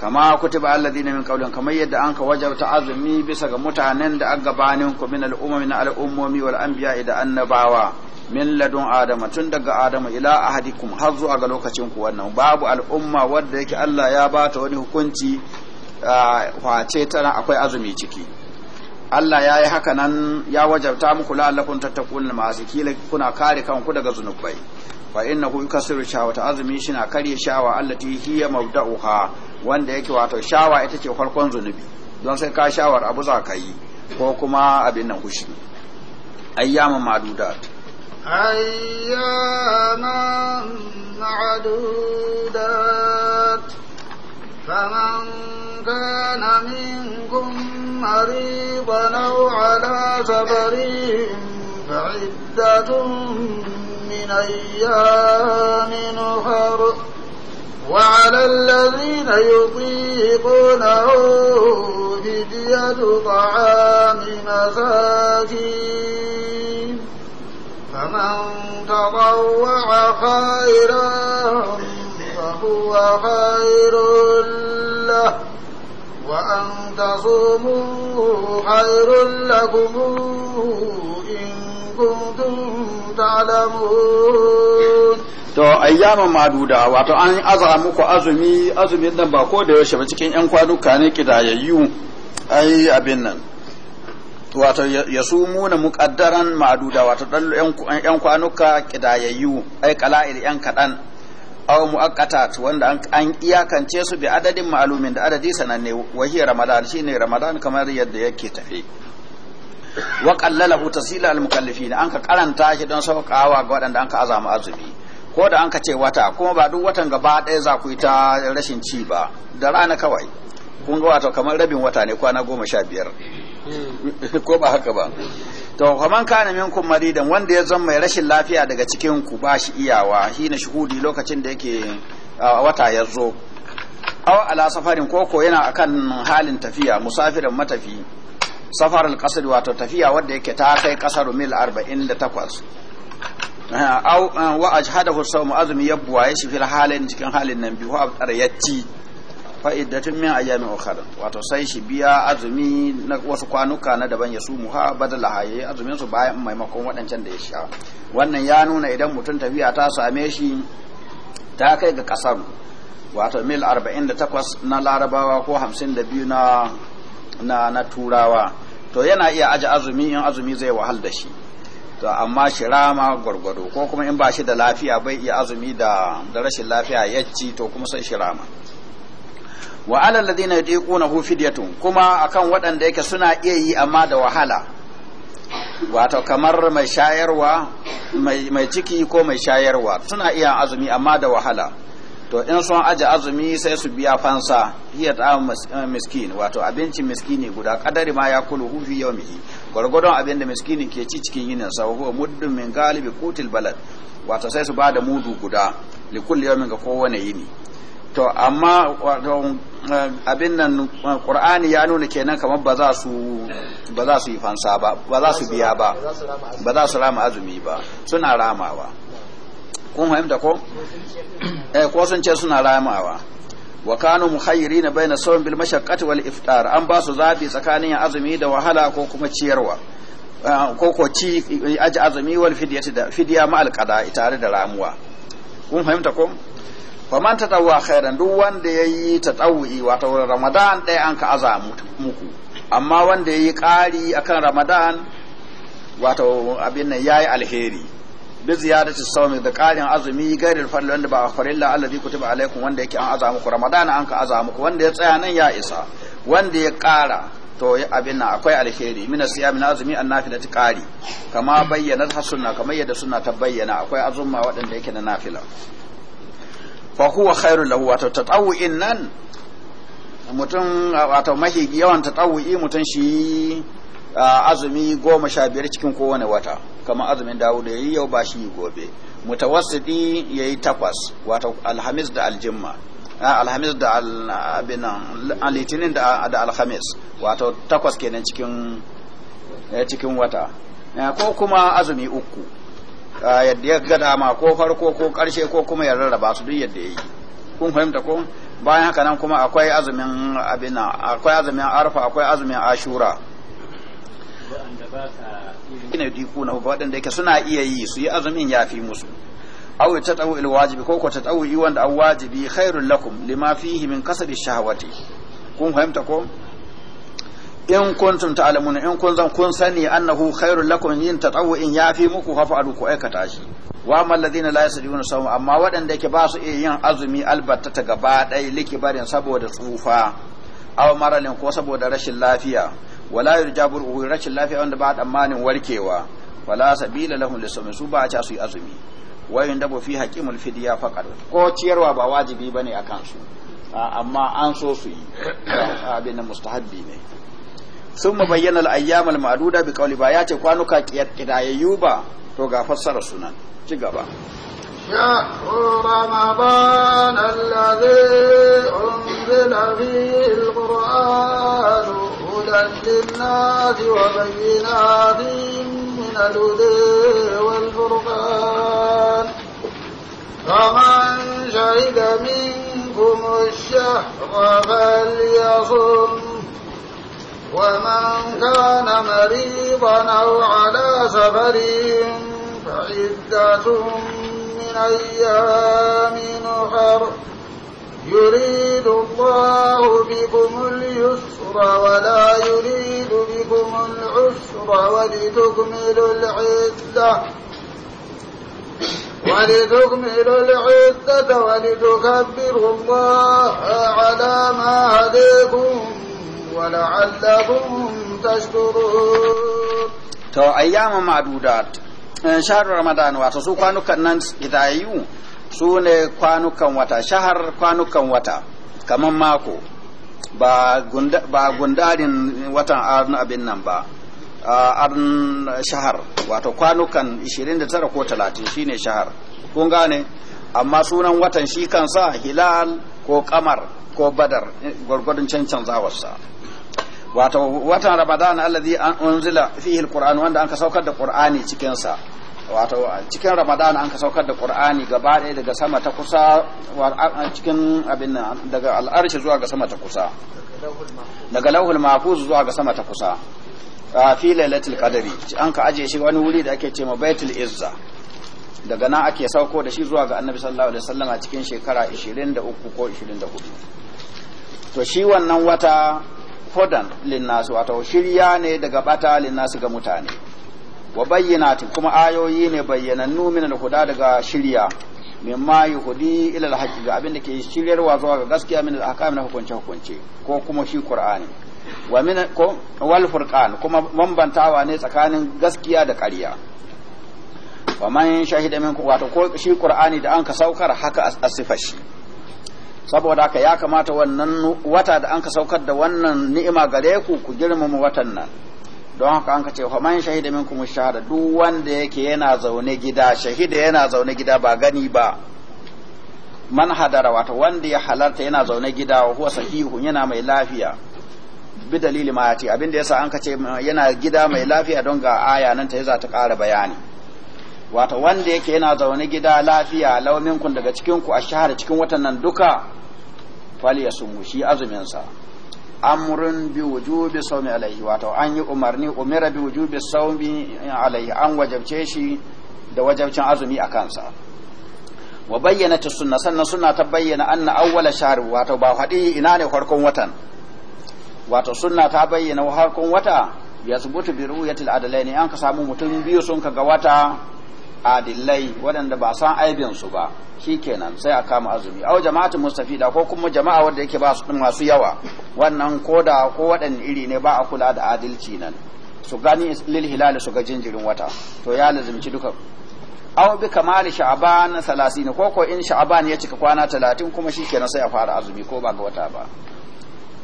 kama kutiba alladhina min qablihim kamar yadda anka wajabta azumi bisa ga mutanen da an gabanin ku min al'umma na al'ummomi wal anbiya da annabawa min ladun adama tun daga adama ila ahadikum har zuwa ga lokacin ku wannan babu al'umma wadda yake Allah ya bata wani hukunci kwace tana akwai azumi ciki Allah ya yi haka nan ya wajabta muku la'allakum tattaqun masu kila kuna kare kanku daga zunubai fa innahu yukasiru ta azumi na kare shawa allati hiya mabda'uha wanda yake wato shawa ita ce farkon zunubi don sai ka shawar abu za ka yi ko kuma abin nan kushi. ayyaman madudat ayyaman madudat faman kana minkum مريضا aw ala سفر fa'iddatun min ayyamin أخر وعلى الذين يطيقونه فدية طعام مساكين فمن تطوع خيرا فهو خير له وأن تصوموا خير لكم إن كنتم تعلمون to ayyaman maduda wato an azara muku azumi azumin nan ba ko da yaushe ba cikin yan kwanuka ne kidayayyu ai abin nan wato ya su muna muƙaddaran maduda wato ɗan yan kwanuka kidayayyu ai kala'il yan kaɗan aw mu'aqqatat wanda an, iyakance su bi adadin ma'lumin da adadi sananne wahiy ramadan shine ramadan kamar yadda yake tafi wa qallalahu tasila al mukallifin an ka karanta shi don sauƙawa ga waɗanda an ka azama azumi ko da an ka ce wata kuma ba duk watan gaba ɗaya za ku yi ta rashin ci ba da rana kawai kun ga wato kamar rabin wata ne kwana goma sha biyar hmm. ko ba haka ba to kaman kana minkum maridan wanda ya zama mai rashin lafiya daga cikin ku ba shi iyawa na shuhudi lokacin da yake wata ya zo aw ala safarin koko yana akan halin tafiya musafirin matafi safar al wato tafiya wanda yake ta kai kasar mil 48 Eh, eh, wa ajhadahu sawmu azmi yabwa ya shi fil halin cikin halin nan biyu abdar yatti fa iddatun min ayami ukhra wato sai shi biya azumi na wasu kwanuka na daban ya sumu ha badala haye azumin su bayan maimakon waɗancan da ya sha wannan ya nuna idan mutum tafiya ta same shi ta kai ga kasar wato mil 48 na larabawa ko 52 na na na turawa to yana iya aji azumi in azumi zai wahal da shi to amma shirama gwargwado ko kuma in ba shi da lafiya bai iya azumi da da rashin lafiya ya ci to kuma sai shirama rama wa alal ladina hu fidyatun kuma akan waɗanda yake suna iya yi amma da wahala wato kamar mai shayarwa mai ciki ko mai shayarwa suna iya azumi amma da wahala to in sun aji azumi sai su biya fansa hiya ta eh, miskin wato abinci miskini guda kadari ma ya kulu hufi yau mihi gwargwadon abin da miskini ke ci cikin yinin sa huwa muddin min galibi kutil balad wato sai su ba da mudu guda likul yau ga kowane yini to amma wato eh, abin nan qur'ani ya nuna kenan kamar ba za su ba za su yi fansa ba ba za su biya ba ba za su rama azumi ba suna ramawa kun fahimta ko eh ko sun ce suna ramawa wa kanu na baina sawm bil mashaqqati wal iftar an ba su zabi tsakanin azumi da wahala ko kuma ciyarwa ah, ko ko ci aji azumi wal fidyati da ma al tare da ramuwa kun fahimta ko fa man tatawwa khairan duk wanda yayi tatawwi wato ramadan ɗaya an ka aza muku amma wanda yayi ƙari akan ramadan wato abin nan yayi alheri bi ziyadati sawmi da qarin azumi gairil fadl wanda ba farilla allazi kutiba alaikum wanda yake an azamu ku ramadana an ka azamu wanda ya tsaya nan ya isa wanda ya ƙara to abin nan akwai alheri min siyam na azumi annafila ta ƙari kama bayyana sunna kama yadda sunna ta bayyana akwai azumma waɗanda yake na nafila fa huwa khairul lahu wato tatawu'in nan mutum wato mahi yawan tatawu'i mutum shi azumi goma sha biyar cikin kowane wata kama azumin dawuda ya yi yau ba shi gobe mutawassidi ya yi takwas wata alhamis da aljimma alhamis da abinan litinin da alhamis wata takwas kenan cikin eh, cikin wata eh, ko kuma azumi uku yadda ya ga dama ko farko ko karshe ko kuma ya rarraba su duk yadda ya yi kun fahimta ko bayan haka nan kuma akwai azumin abina akwai azumin arfa akwai azumin ashura ina diku na ba waɗanda yake suna iya yi su yi azumin ya fi musu aw ya tatawu il wajibi ko ko tatawu yi wanda aw wajibi khairul lakum lima fihi min kasabi shahawati kun fahimta ko in kuntum ta'lamuna in kun zan kun sani annahu khairul lakum yin tatawu in ya fi muku fa fa'alu ku aikata shi wa amma alladhina la yasjuduna sawma amma waɗanda yake ba su iya yin azumi albatta ta gaba ɗaya likibarin saboda tsufa aw maralin ko saboda rashin lafiya wala yurja bur'u rashin lafiya wanda ba tsammanin warkewa wala sabila lahum lisum su ba a ca su yi azumi wayin da fi haqimul fidya faqat ko ciyarwa ba wajibi bane akan su amma an so su yi abin mustahabbi ne sun bayyana al-ayyam al-ma'duda bi qawli ba ya ce kwanuka kidayayyu ba to ga fassara sunan ci gaba شهر رمضان الذي أنزل فيه القرآن هدى للناس وبينات من الهدى والفرقان فمن شهد منكم الشهر فليصم ومن كان مريضا أو على سفر فعدة من أيام أخر يريد الله بكم اليسر ولا يريد بكم العسر ولتكملوا العدة ولتكملوا العدة ولتكبروا الله على ما هديكم ولعلكم تشكرون تو أيام معدودات Eh, shahar ramadan wato su kwanukan nan gida yiwu su ne kwanukan wata shahar kwanukan wata kamar mako ba gundarin watan arn abin nan ba arn shahar wato kwanukan 29 ko 30 shine shahar kun gane amma sunan watan shi kansa hilal ko kamar ko badar eh, gwargwadon cancan zawarsa wato watan ramadan allazi an unzila fihi alquran wanda an ka saukar da qur'ani cikin sa wato cikin ramadan an ka saukar da qur'ani gaba ɗaya daga sama ta kusa cikin abin nan daga al'arshi zuwa ga sama ta kusa daga lauhul mahfuz zuwa ga sama ta kusa fi lailatul qadari an ka aje shi wani wuri da ake cewa baitul izza daga nan ake sauko da shi zuwa ga annabi sallallahu alaihi wasallam a cikin shekara 23 ko 24 to shi wannan wata hudan linnasu wato shirya ne daga bata linnasu ga mutane wa bayyanatin kuma ayoyi ne bayyanannu min al-huda daga shirya ma yuhudi ila al-haqqi ga abin da ke shiryarwa zuwa ga gaskiya min al-ahkam na hukunce hukunce ko kuma shi qur'ani wa min ko wal furqan kuma bambantawa ne tsakanin gaskiya da ƙarya wa man shahida min wato ko shi qur'ani da an ka saukar haka asifashi saboda haka ya kamata wannan wata da an ka saukar da wannan ni'ima gare ku ku girmama watan nan don haka an kace fa man shahida kuma shahada duk wanda yake yana zaune gida shahida yana zaune gida ba gani ba man hadara wato wanda ya halarta yana zaune gida wa huwa sahihu yana mai lafiya bi dalili ma abin da yasa an ce yana gida mai lafiya don ga aya nan ta za ta ƙara bayani wato wanda yake yana zaune gida lafiya launinku kun daga cikin ku a shahara cikin watan nan duka fali ya sumu shi azumin sa amrun bi wujubi sawmi alaihi wato an yi umarni umira bi wujubi sawmi alaihi an wajabce shi da wajabcin azumi a kansa wa bayyana ta sunna sannan suna ta bayyana anna awwala shahr wato ba hadi ina ne farkon watan wato sunna ta bayyana farkon wata ya subutu bi ru'yatil adalaini an ka samu mutum biyu sun ka ga wata adillai waɗanda ba san aibin su ba shi kenan sai a kama azumi au jama'atu mustafida ko kuma jama'a wanda yake ba su masu yawa wannan koda ko waɗanne iri ne ba a kula da adalci nan su gani lil hilal su ga jinjirin wata to ya lazimci duka au bi kamali sha'ban 30 ko ko in sha'ban ya cika kwana 30 kuma shikenan sai a fara azumi ko ba ga wata ba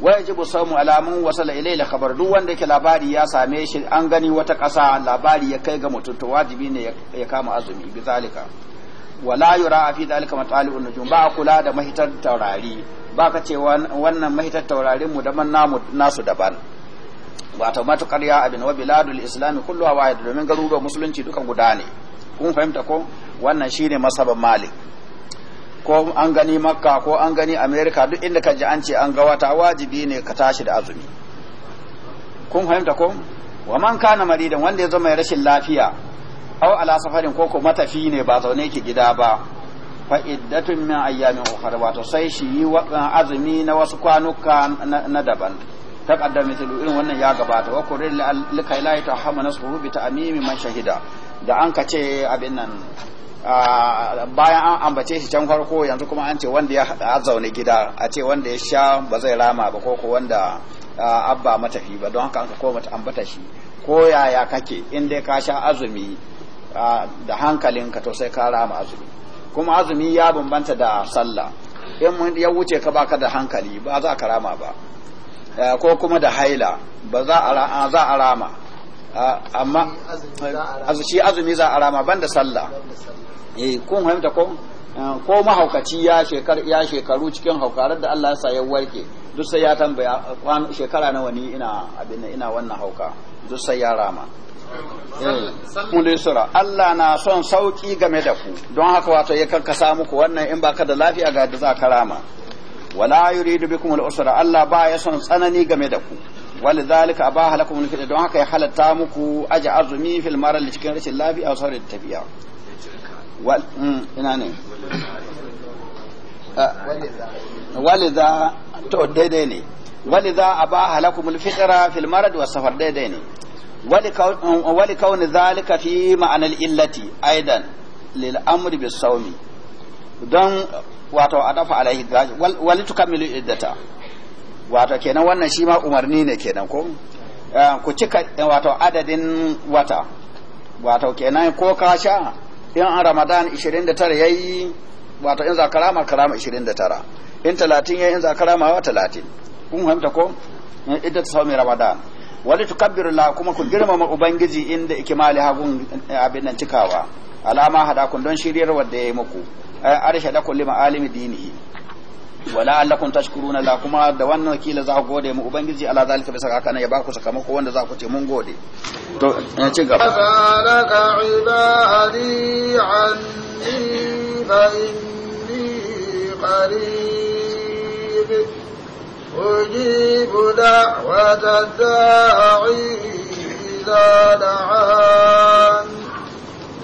wajibu samu alamun wasala ilai la khabar duk wanda yake labari ya same shi an gani wata kasa labari ya kai ga mutum to wajibi ne ya kama azumi bi zalika wala yura fi dalika matali'un juma ba kula da mahitar taurari ba ka ce wannan mahitar taurarin mu daban namu nasu daban wato matukar ya abin wa biladul islami kulluha wahid domin garuruwa musulunci duka guda ne kun fahimta ko wannan shine masabar malik ko an gani makka ko an gani america duk inda ka ji an ce an ga wata wajibi ne ka tashi da azumi kun fahimta ko wa man kana maridan wanda ya zama ya rashin lafiya aw ala safarin ko ko matafi ne ba zaune ki gida ba fa iddatun min ayyamin ukhra wato sai shi yi uh, azumi na wasu kwanuka na daban ta kaddame ta irin wannan ya gabata wa kurin lika la ta hama nasu bi ta'mimi man shahida da an ka ce abin nan uh, bayan an ambace shi can farko yanzu kuma an ce wanda ya zaune gida a ce wanda ya sha ba zai rama ba ko wanda uh, abba matafi ba don haka an ka koma ambata shi ko yaya kake in dai ka sha azumi da hankalinka to sai ka rama azumi kuma azumi ya bambanta da sallah in ya wuce ka baka da hankali ba za ka rama ba eh, ko kuma da haila ba za a rama amma shi azumi za a rama ban da sallah eh, kun fahimta ko eh, ko mahaukaci ya shekaru cikin haukarar da Allah sa ya warke duk sai ya tambaya shekara nawa ni ina abin ina wannan hauka duk sai ya rama Hmm. sura Allah na son sauki game da ku don haka wato ya samu ku wannan in baka da lafiya ga da za ka rama wala yuridu bikum al-usra Allah ba ya son tsanani game da ku walidhalika abaha lakum al don haka ya halatta muku aji azumi fil maral cikin rashin lafiya a saurin tafiya wal hmm, ina ne ah, walidha to daidai ne walidha abaha lakum al-fitra fil marad wa safar daidai ne wali kauni zalika fi ma'anar illati aidan lil bi bis saumi don wato a dafa alaihi wali tukammilu iddata wato kenan wannan shi ma umarni ne kenan ko ku cika wato adadin wata wato kenan ko ka sha in an ramadan 29 yayi wato in za karama karama 29 in 30 yi in za karama wa 30 kun fahimta ko iddat saumi ramadan wani la kuma ku girmama ubangiji inda ikimali hagun eh, abin nan cikawa alama kun don shiriyar wanda ya yi muku eh, arsha da kulli ma'alimi dinihi wala allakum tashkuruna la kuma da wannan kila za ku gode mu ubangiji ala zalika bisa haka ya ba ku sakamako wanda za ku ce mun gode to in eh, ci gaba zalaka ibadi anni fa inni qarib أجيب دعوة الداعي إذا دعان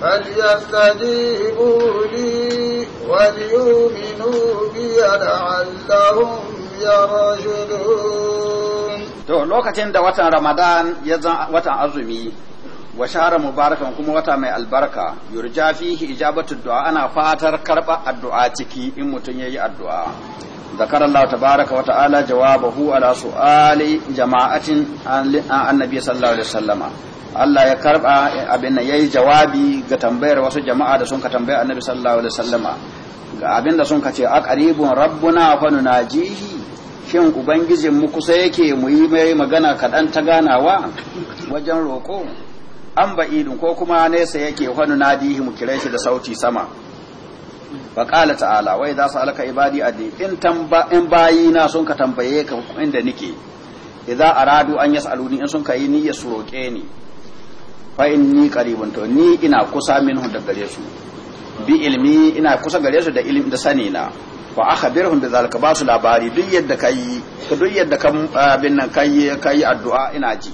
فليستجيبوا لي وليؤمنوا بي لعلهم يرشدون to lokacin da watan Ramadan ya zan watan azumi wa shahara mubarakan kuma wata mai albarka yurja fihi ijabatu du'a ana fatar karba addu'a ciki in mutun yayi addu'a ذكر الله تبارك وتعالى جوابه على سؤال جماعة عن النبي صلى الله عليه وسلم Allah ya karba abin nan yayi jawabi ga tambayar wasu jama'a da sun ka tambaya Annabi sallallahu alaihi wasallam ga abin da sun ka ce a qaribun rabbuna fa nunajihi shin ubangijin mu kusa yake mu yi mai magana kaɗan ta ganawa wajen roko. an ba'idun ko kuma nesa yake fa nunadihi mu kire shi da sauti sama fa qala ta'ala wa idza sa'alaka ibadi adi in tamba in na sun ka tambaye ka inda nike idza aradu an yas'aluni in sun kai niyyar su roke ni fa inni qaribun to ni ina kusa minhu da gare su bi ilmi ina kusa gare su da ilmi da sani na wa akhbirhum bi zalika ba su labari duk yadda kai duk yadda kan abin nan kai kai addu'a ina ji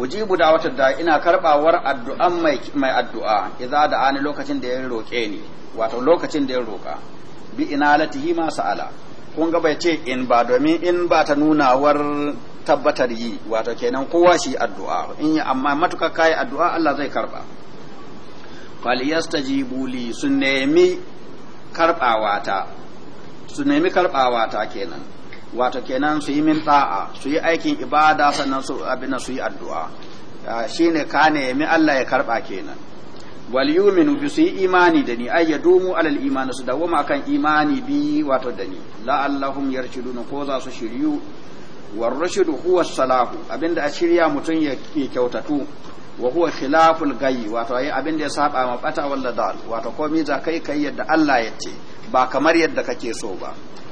ujibu wata da ina karbawar addu'an mai mai addu'a idza da'ani lokacin da ya roke ni wato lokacin da ya roka bi inalatihi ma sa'ala kun ga bai ce in ba domin in ba ta nunawar tabbatar yi wato kenan kowa shi addu'a in yi amma matuka kai addu'a Allah zai karba fal yastajibu li sun nemi karbawata su nemi kenan wato kenan su yi min da'a su yi aikin ibada sannan su abin su yi addu'a ah, shi ne ka nemi Allah ya karɓa kenan wal yu'minu bi su yi imani da ni ya yadumu alal imani su dawoma kan imani bi wato da ni la allahum yarshuduna ko za su shiryu war rushdu huwa salahu abinda a shirya mutum ya ke kyautatu wa huwa khilaful gayi wato ayi abinda ya saba ma bata wal ladal wato komi za kai kai yadda Allah ya ce ba kamar yadda kake so ba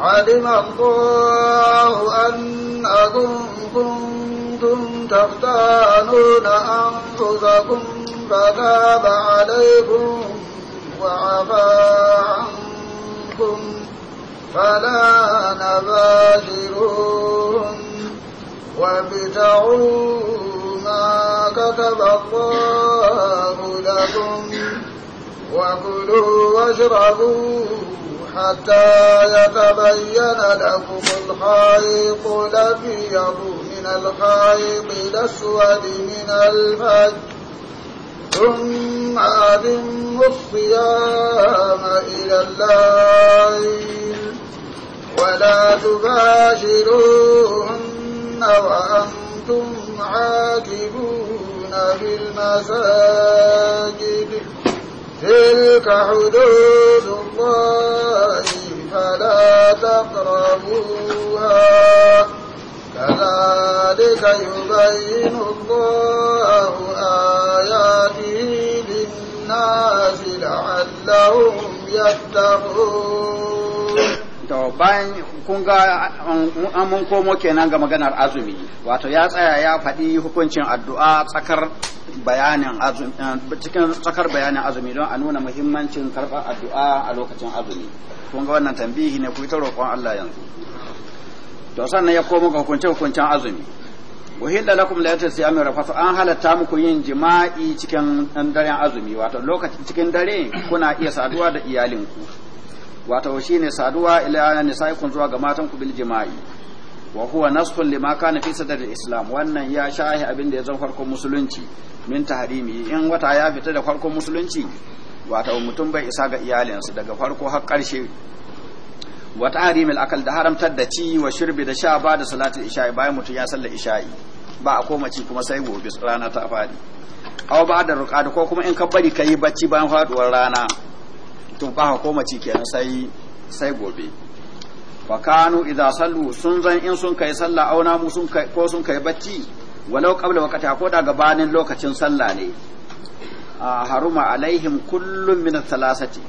علم الله أنكم كنتم تختانون أنفسكم فتاب عليكم وعفى عنكم فلا نباشرون وابتعوا ما كتب الله لكم وكلوا واشربوا حتى يتبين لكم الخيط الأبيض من الخيط الأسود من الفجر ثم ادم الصيام إلى الليل ولا تباشروهن وأنتم عاكبون في المساجد تلك حدود الله فلا تقربوها كذلك يبين الله آياته للناس لعلهم يتقون to bayan kun ga an mun komo kenan ga maganar azumi wato ya tsaya ya faɗi hukuncin addu'a tsakar bayanin azumi eh, cikin tsakar bayanin azumi don a nuna muhimmancin karɓar addu'a a lokacin azumi kun ga wannan tambihi ne ku ta roƙon Allah yanzu to sannan ya komo ga hukuncin hukuncin azumi uhilla lakum laylatul siyami rafathu an halatta muku yin jima'i cikin daren azumi wato lokacin cikin dare kuna iya saduwa da iyalinku wato ne saduwa ila Nisaikun zuwa ga matan ku bil jima'i wa huwa nasxun lima kana fi islam wannan ya shahi abin da ya zan farkon musulunci min tahrimi in wata ya fita da farkon musulunci wato mutum bai isa ga iyalinsa daga farko har karshe wa tahrimil akal da haramtar da ci wa shirbi da sha ba da salati isha'i bayan mutum ya salla isha'i ba a koma ci kuma sai gobe rana ta fadi aw ba da ruqa ko kuma in ka bari kai bacci bayan faduwar rana tunkaha ko mace kenan sai sai gobe fa kanu idza sallu sun zan in sun kai sallah auna mu sun kai ko sun kai bacci walau qabla waqti ko da gabanin lokacin sallah ne a haruma alaihim kullum min thalathati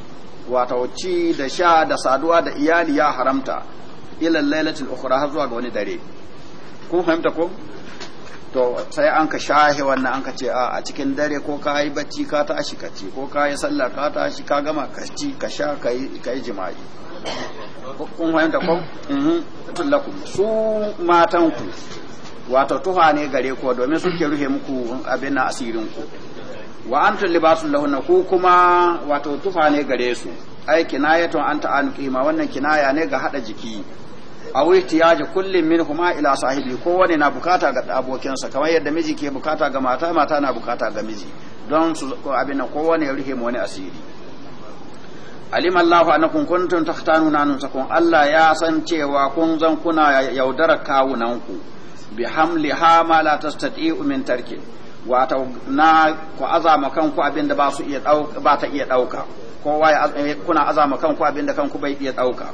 wato ci da sha da saduwa da iyali ya haramta ila lailatul ukhra har zuwa ga wani dare kun fahimta ko to sai an ka shahe wannan an ka ce a cikin dare ko ka yi bacci ka shi ka ci ko ka yi sallah ka shi ka gama ka ci ka sha ka yi jima'i kun fahimta ko mhm. lakum su matan ku wato tuha ne gare ku domin suke rufe muku abin asirin ku wa antum libasul lahunna ku kuma wato tuha ne gare su ai kinayatun anta an qima wannan kinaya ne ga hada jiki aw ihtiyaji kullin minhuma ila sahibi wani na bukata ga abokinsa kamar yadda miji ke bukata ga mata mata na bukata ga miji don su abin nan wani ya rufe wani asiri alim Allahu annakum kuntum takhtanuna anfusakum Allah ya san cewa kun zan kuna yaudara kawunanku bi hamli ha ma la tastati'u min tarkin ta na ku azama kanku abin da ba su iya dauka ba ta iya dauka kowa kuna azama kanku abin da kanku bai iya dauka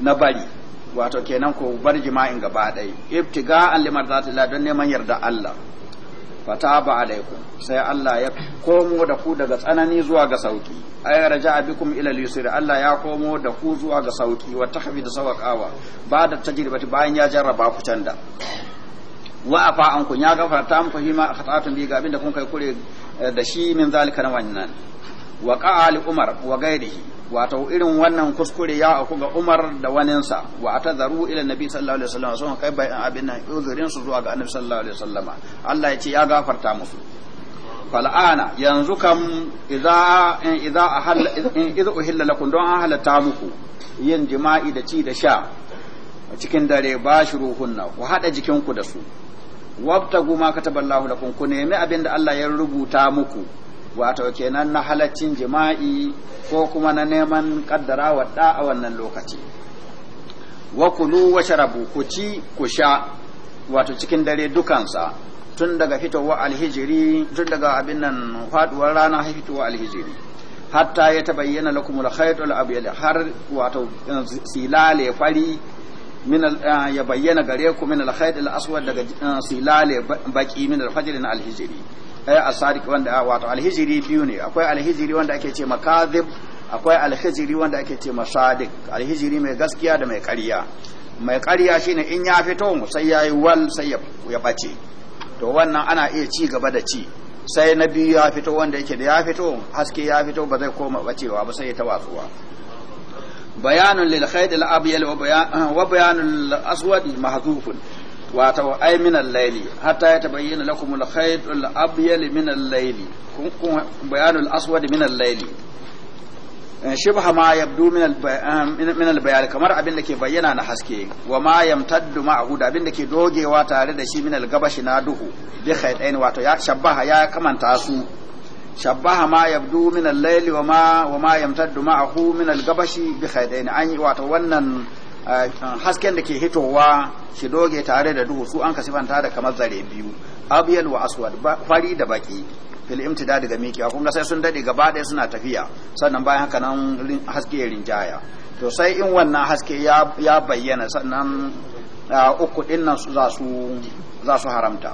na bari wato kenan ko bar jima'in gaba ɗaya ibtiga an limar la don neman yarda Allah fataba alaikum sai Allah ya komo da ku daga tsanani zuwa ga sauki ay raja'a bikum ila al Allah ya komo da ku zuwa ga sauki wa tahmid sawaqawa ba da tajribati bayan ya jarraba ku canda wa afa an kun ya gafarta mu hima khata'atun bi ga da kun kai kure eh, da shi min zalika na wannan wa qa'al umar wa gairihi wato irin wannan kuskure ya aku ga Umar da waninsa wa atadharu ila nabi sallallahu alaihi wasallam sun kai bayan abin nan uzurin su zuwa ga annabi sallallahu alaihi wasallama Allah ya ce ya gafarta musu fal'ana yanzu kam idza idza ahalla idza uhilla lakum don an halatta muku yin jima'i da ci da sha cikin dare ba ruhunna ku hada jikinku da su wabtagu ma kataballahu lakum ku nemi abin da Allah ya rubuta muku wato kenan na halaccin jima'i ko kuma na neman kaddara wa a wannan lokaci wa kulu wa sharabu ku ci ku sha wato cikin dare dukansa tun daga fitowa alhijiri tun daga abin nan faduwar rana har fitowa alhijiri hatta ya tabayyana lakum al-khaytul abyad har wato silale fari min eh, ya bayyana gare ku min al-khaytul aswad daga eh, silale baki min al-fajr al-hijri Eh, asadik wanda ah, wato alhijiri biyu ne akwai alhijiri wanda ake ce makazib akwai alhijiri wanda ake ce masadik alhijiri mai gaskiya da mai ƙarya mai ƙarya shine in ya fito sai yayi wal sai ya bace to wannan ana iya ci gaba da ci sai na biyu ya fito wanda yake da ya fito haske ya fito ba zai koma bacewa ba sai ya tawatsuwa bayanun lil khayd al abyal wa al aswad mahzufun wato ai min al-layli hatta ya lakum al-khayt al-abyal min al kun bayan al-aswad min al eh, shibha ma yabdu min eh, min al-bayan kamar abin da ke bayyana na haske wa ma yamtaddu abin da ke dogewa tare da shi min al-gabashi na duhu bi khaytain wato ya ya kamanta su shabbaha ma yabdu min al wa ma wa ma yamtaddu min al-gabashi bi khaytain an wato wannan Eh, hasken da ke hitowa shi doge tare da duhu su an ka sifanta da kamar zare biyu abiyal wa aswad fari da baki fil imtida daga mikiya kuma sai sun dade gaba daya suna tafiya sannan bayan haka nan haske ya rinjaya to sai in wannan haske ya bayyana sannan eh, uku din nan za su za su haramta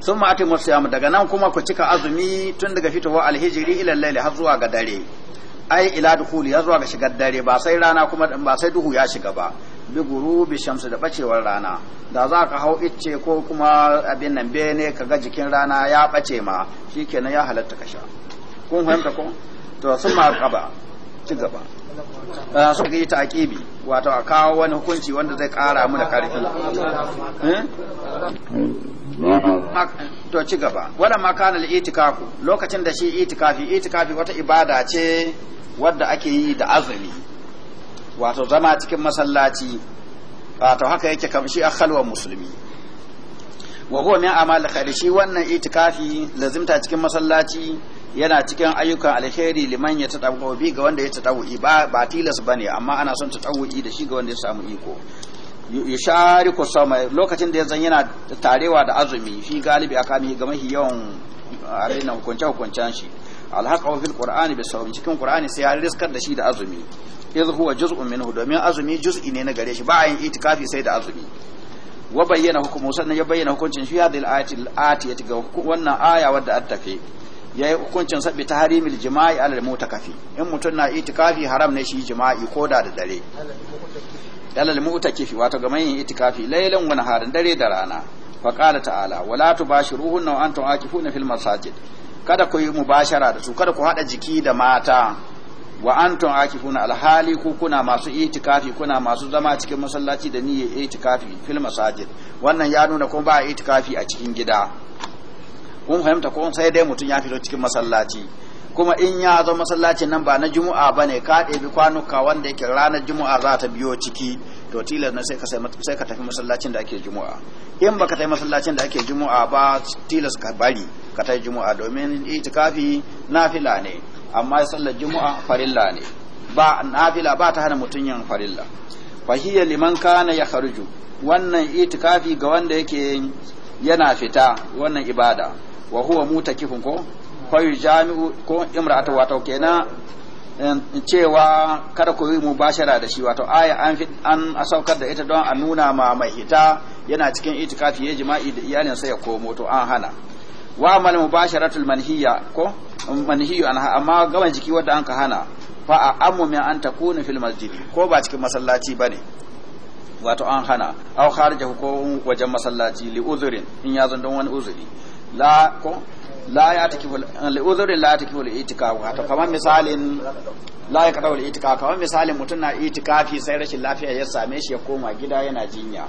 sun ma'ati daga nan kuma ku cika azumi tun daga fitowa alhijiri ilallai laili har zuwa ga dare ai ila dukhuli ya zuwa ga shigar dare ba sai rana kuma ba sai duhu ya shiga ba bi gurubi shamsu da bacewar rana da za ka hau icce ko kuma abin nan bene ka ga jikin rana ya bace ma shikenan ya halatta ka sha kun fahimta ko to sun ma kaba ci gaba ah, sun ga ta aqibi wato a kawo wani hukunci wanda zai kara mu da karfi eh? to ci gaba wala ma kana itikafu lokacin da shi itikafi itikafi wata ibada ce wadda ake yi da azumi wato zama cikin masallaci wato haka yake kamshi a akhalwa musulmi wa huwa min amal khair shi wannan itikafi lazimta cikin masallaci yana cikin ayyukan alheri liman ya tadawu bi ga wanda ya tadawu ba ba tilas bane amma ana son tadawu da shi ga wanda ya samu iko ko sama lokacin da ya zan yana tarewa da azumi fi galibi akami ga mahi yawan arena hukunce hukuncen shi alhaqa fil qur'ani bi sawm cikin qur'ani sai ya riskar da shi da azumi idh huwa juz'un minhu domin azumi juz'i ne na gare shi ba yin itikafi sai da azumi wa bayyana hukumu sannan ya bayyana hukuncin shi hadhihi al-ayati al ya ga wannan aya wadda an tafi ya yi hukuncin sabbi ta harimil jima'i alal mutakafi in mutum na itikafi haram ne shi jima'i ko da da dare dalal kifi wato ga mai itikafi laylan wa naharin dare da rana fa qala ta'ala wala tubashiruhunna wa antum akifuna fil masajid kada ku yi mubashara da su kada ku hada jiki da mata wa antum akifuna alhali ku kuna masu itikafi kuna masu zama cikin masallaci da niyyar itikafi fil masajid wannan ya nuna kuma ba itikafi a cikin gida kun fahimta ko sai dai mutum ya fito cikin masallaci kuma in ya zo masallacin nan ba na juma'a ba ne ka ɗebi kwanuka wanda yake ranar juma'a za ta biyo ciki to tilas na sai ka tafi masallacin da ake juma'a in baka tafi masallacin da ake juma'a ba tilas ka bari ka tafi juma'a domin itikafi nafila ne amma sallar juma'a farilla ne ba nafila ba ta hana mutum yin farilla fahiya liman kana ya kharuju wannan itikafi ga wanda yake yana fita wannan ibada wa huwa mutakifun ko fayu jami'u ko imra'ata wato kenan cewa kada ku yi mubashara da shi wato aya an fi an asaukar da ita don a nuna ma mai hita yana cikin itikafi ya jima'i da sa ya komo to an hana wa mal mubasharatul manhiya ko manhiyu anha amma gaban jiki wanda an ka hana fa a ammu min an takuna fil masjid ko ba cikin masallaci bane wato an hana aw kharijahu ko wajen masallaci li uzrin in ya zan don wani uzuri la ko la ya take al'uzurin la ya ta wal itikafu wato kamar misalin la ya kada wal itikafu kamar misalin mutum na itikafi sai rashin lafiya ya same shi ya koma gida yana jinya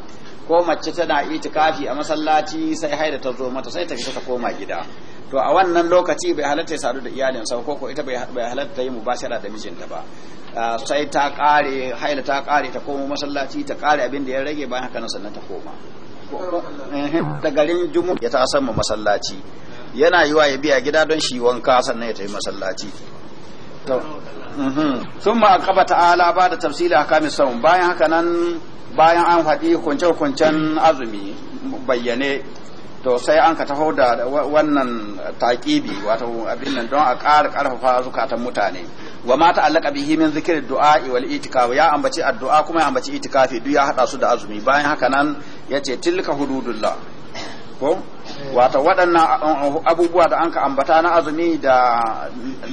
ko mace tana itikafi a masallaci sai haida ta zo mata sai ta fita ta koma gida to a wannan lokaci bai halatta ya sadu da iyalinsa ko ko ita bai halatta yi mubashara da mijinta ba sai ta kare haila ta kare ta koma masallaci ta kare abin da ya rage bayan haka nan sannan ta koma da garin jumu ya ta san masallaci yana yiwa ya biya gida don shi wanka sannan ya tafi masallaci sun mhm. ma akaba ta'ala ba da tafsila hakamin sau bayan haka nan bayan an haɗi kunce-kuncen azumi bayyane to sai an ka taho da wannan taƙibi wato abin nan don a ƙara ƙarfafa zukatan mutane wa mata allaka bihi min zikri du'a wal itikaf ya ambaci addu'a kuma ya ambaci itikafi duk ya hada su da azumi bayan haka nan yace tilka hududullah ko wata waɗannan uh, abubuwa da an ka ambata na azumi da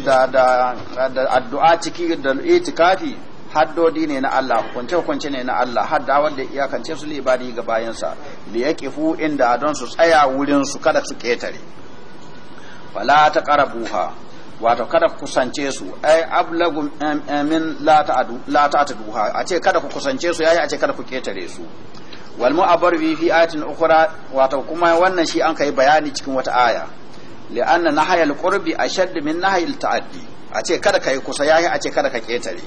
da da addu'a ciki da itikafi haddodi ne na Allah kunce kunce ne na Allah hadda wanda kance su libadi ga bayansa li yaqifu inda don su tsaya wurin su kada su ketare fala ta qarabuha wato kada ku kusance su ai ablagu min la ta'adu la ta'taduha a ce kada ku kusance su yayi a ce kada ku ketare su wal mu'abbar bi fi ayatin ukhra wato kuma wannan shi an kai bayani cikin wata aya li'anna nahayal qurbi ashadd min nahayil ta'addi a ce kada kai kusa yayi a ce kada ka ketare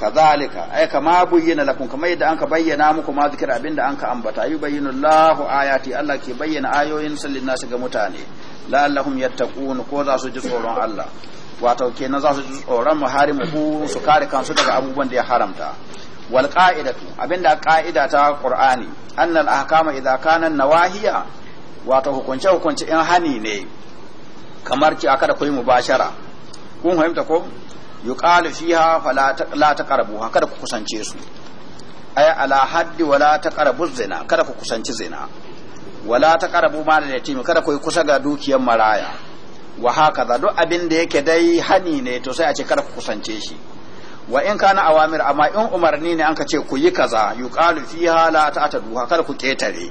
kazalika ai kama bayyana lakum kamar yadda ka bayyana muku ma zikir abinda ka ambata yubayyinu Allahu ayati Allah ke bayyana ayoyin sallin nasu ga mutane la'allahum yattaqun ko za su ji tsoron Allah wato kenan za su ji tsoron muharimu su kare kansu daga abubuwan da ya haramta wal qa'idatu abinda qa'ida ta qur'ani annal ahkama idza kana nawahiya wato hukunce hukunce in hani ne kamar ki aka da koyi mubashara kun fahimta ko yuqalu fiha fala la taqrabu haka da ku kusance su ay ala haddi wala taqrabu zina kada ku kusance zina wala taqrabu malal yatim kada ku kusa ga dukiyar maraya wa haka duk abin da yake dai hani ne to sai a ce kada ku kusance shi wa in kana awamir amma in umarni ne an ka ce ku yi kaza yuqalu fiha la ta'tadu kada ku ketare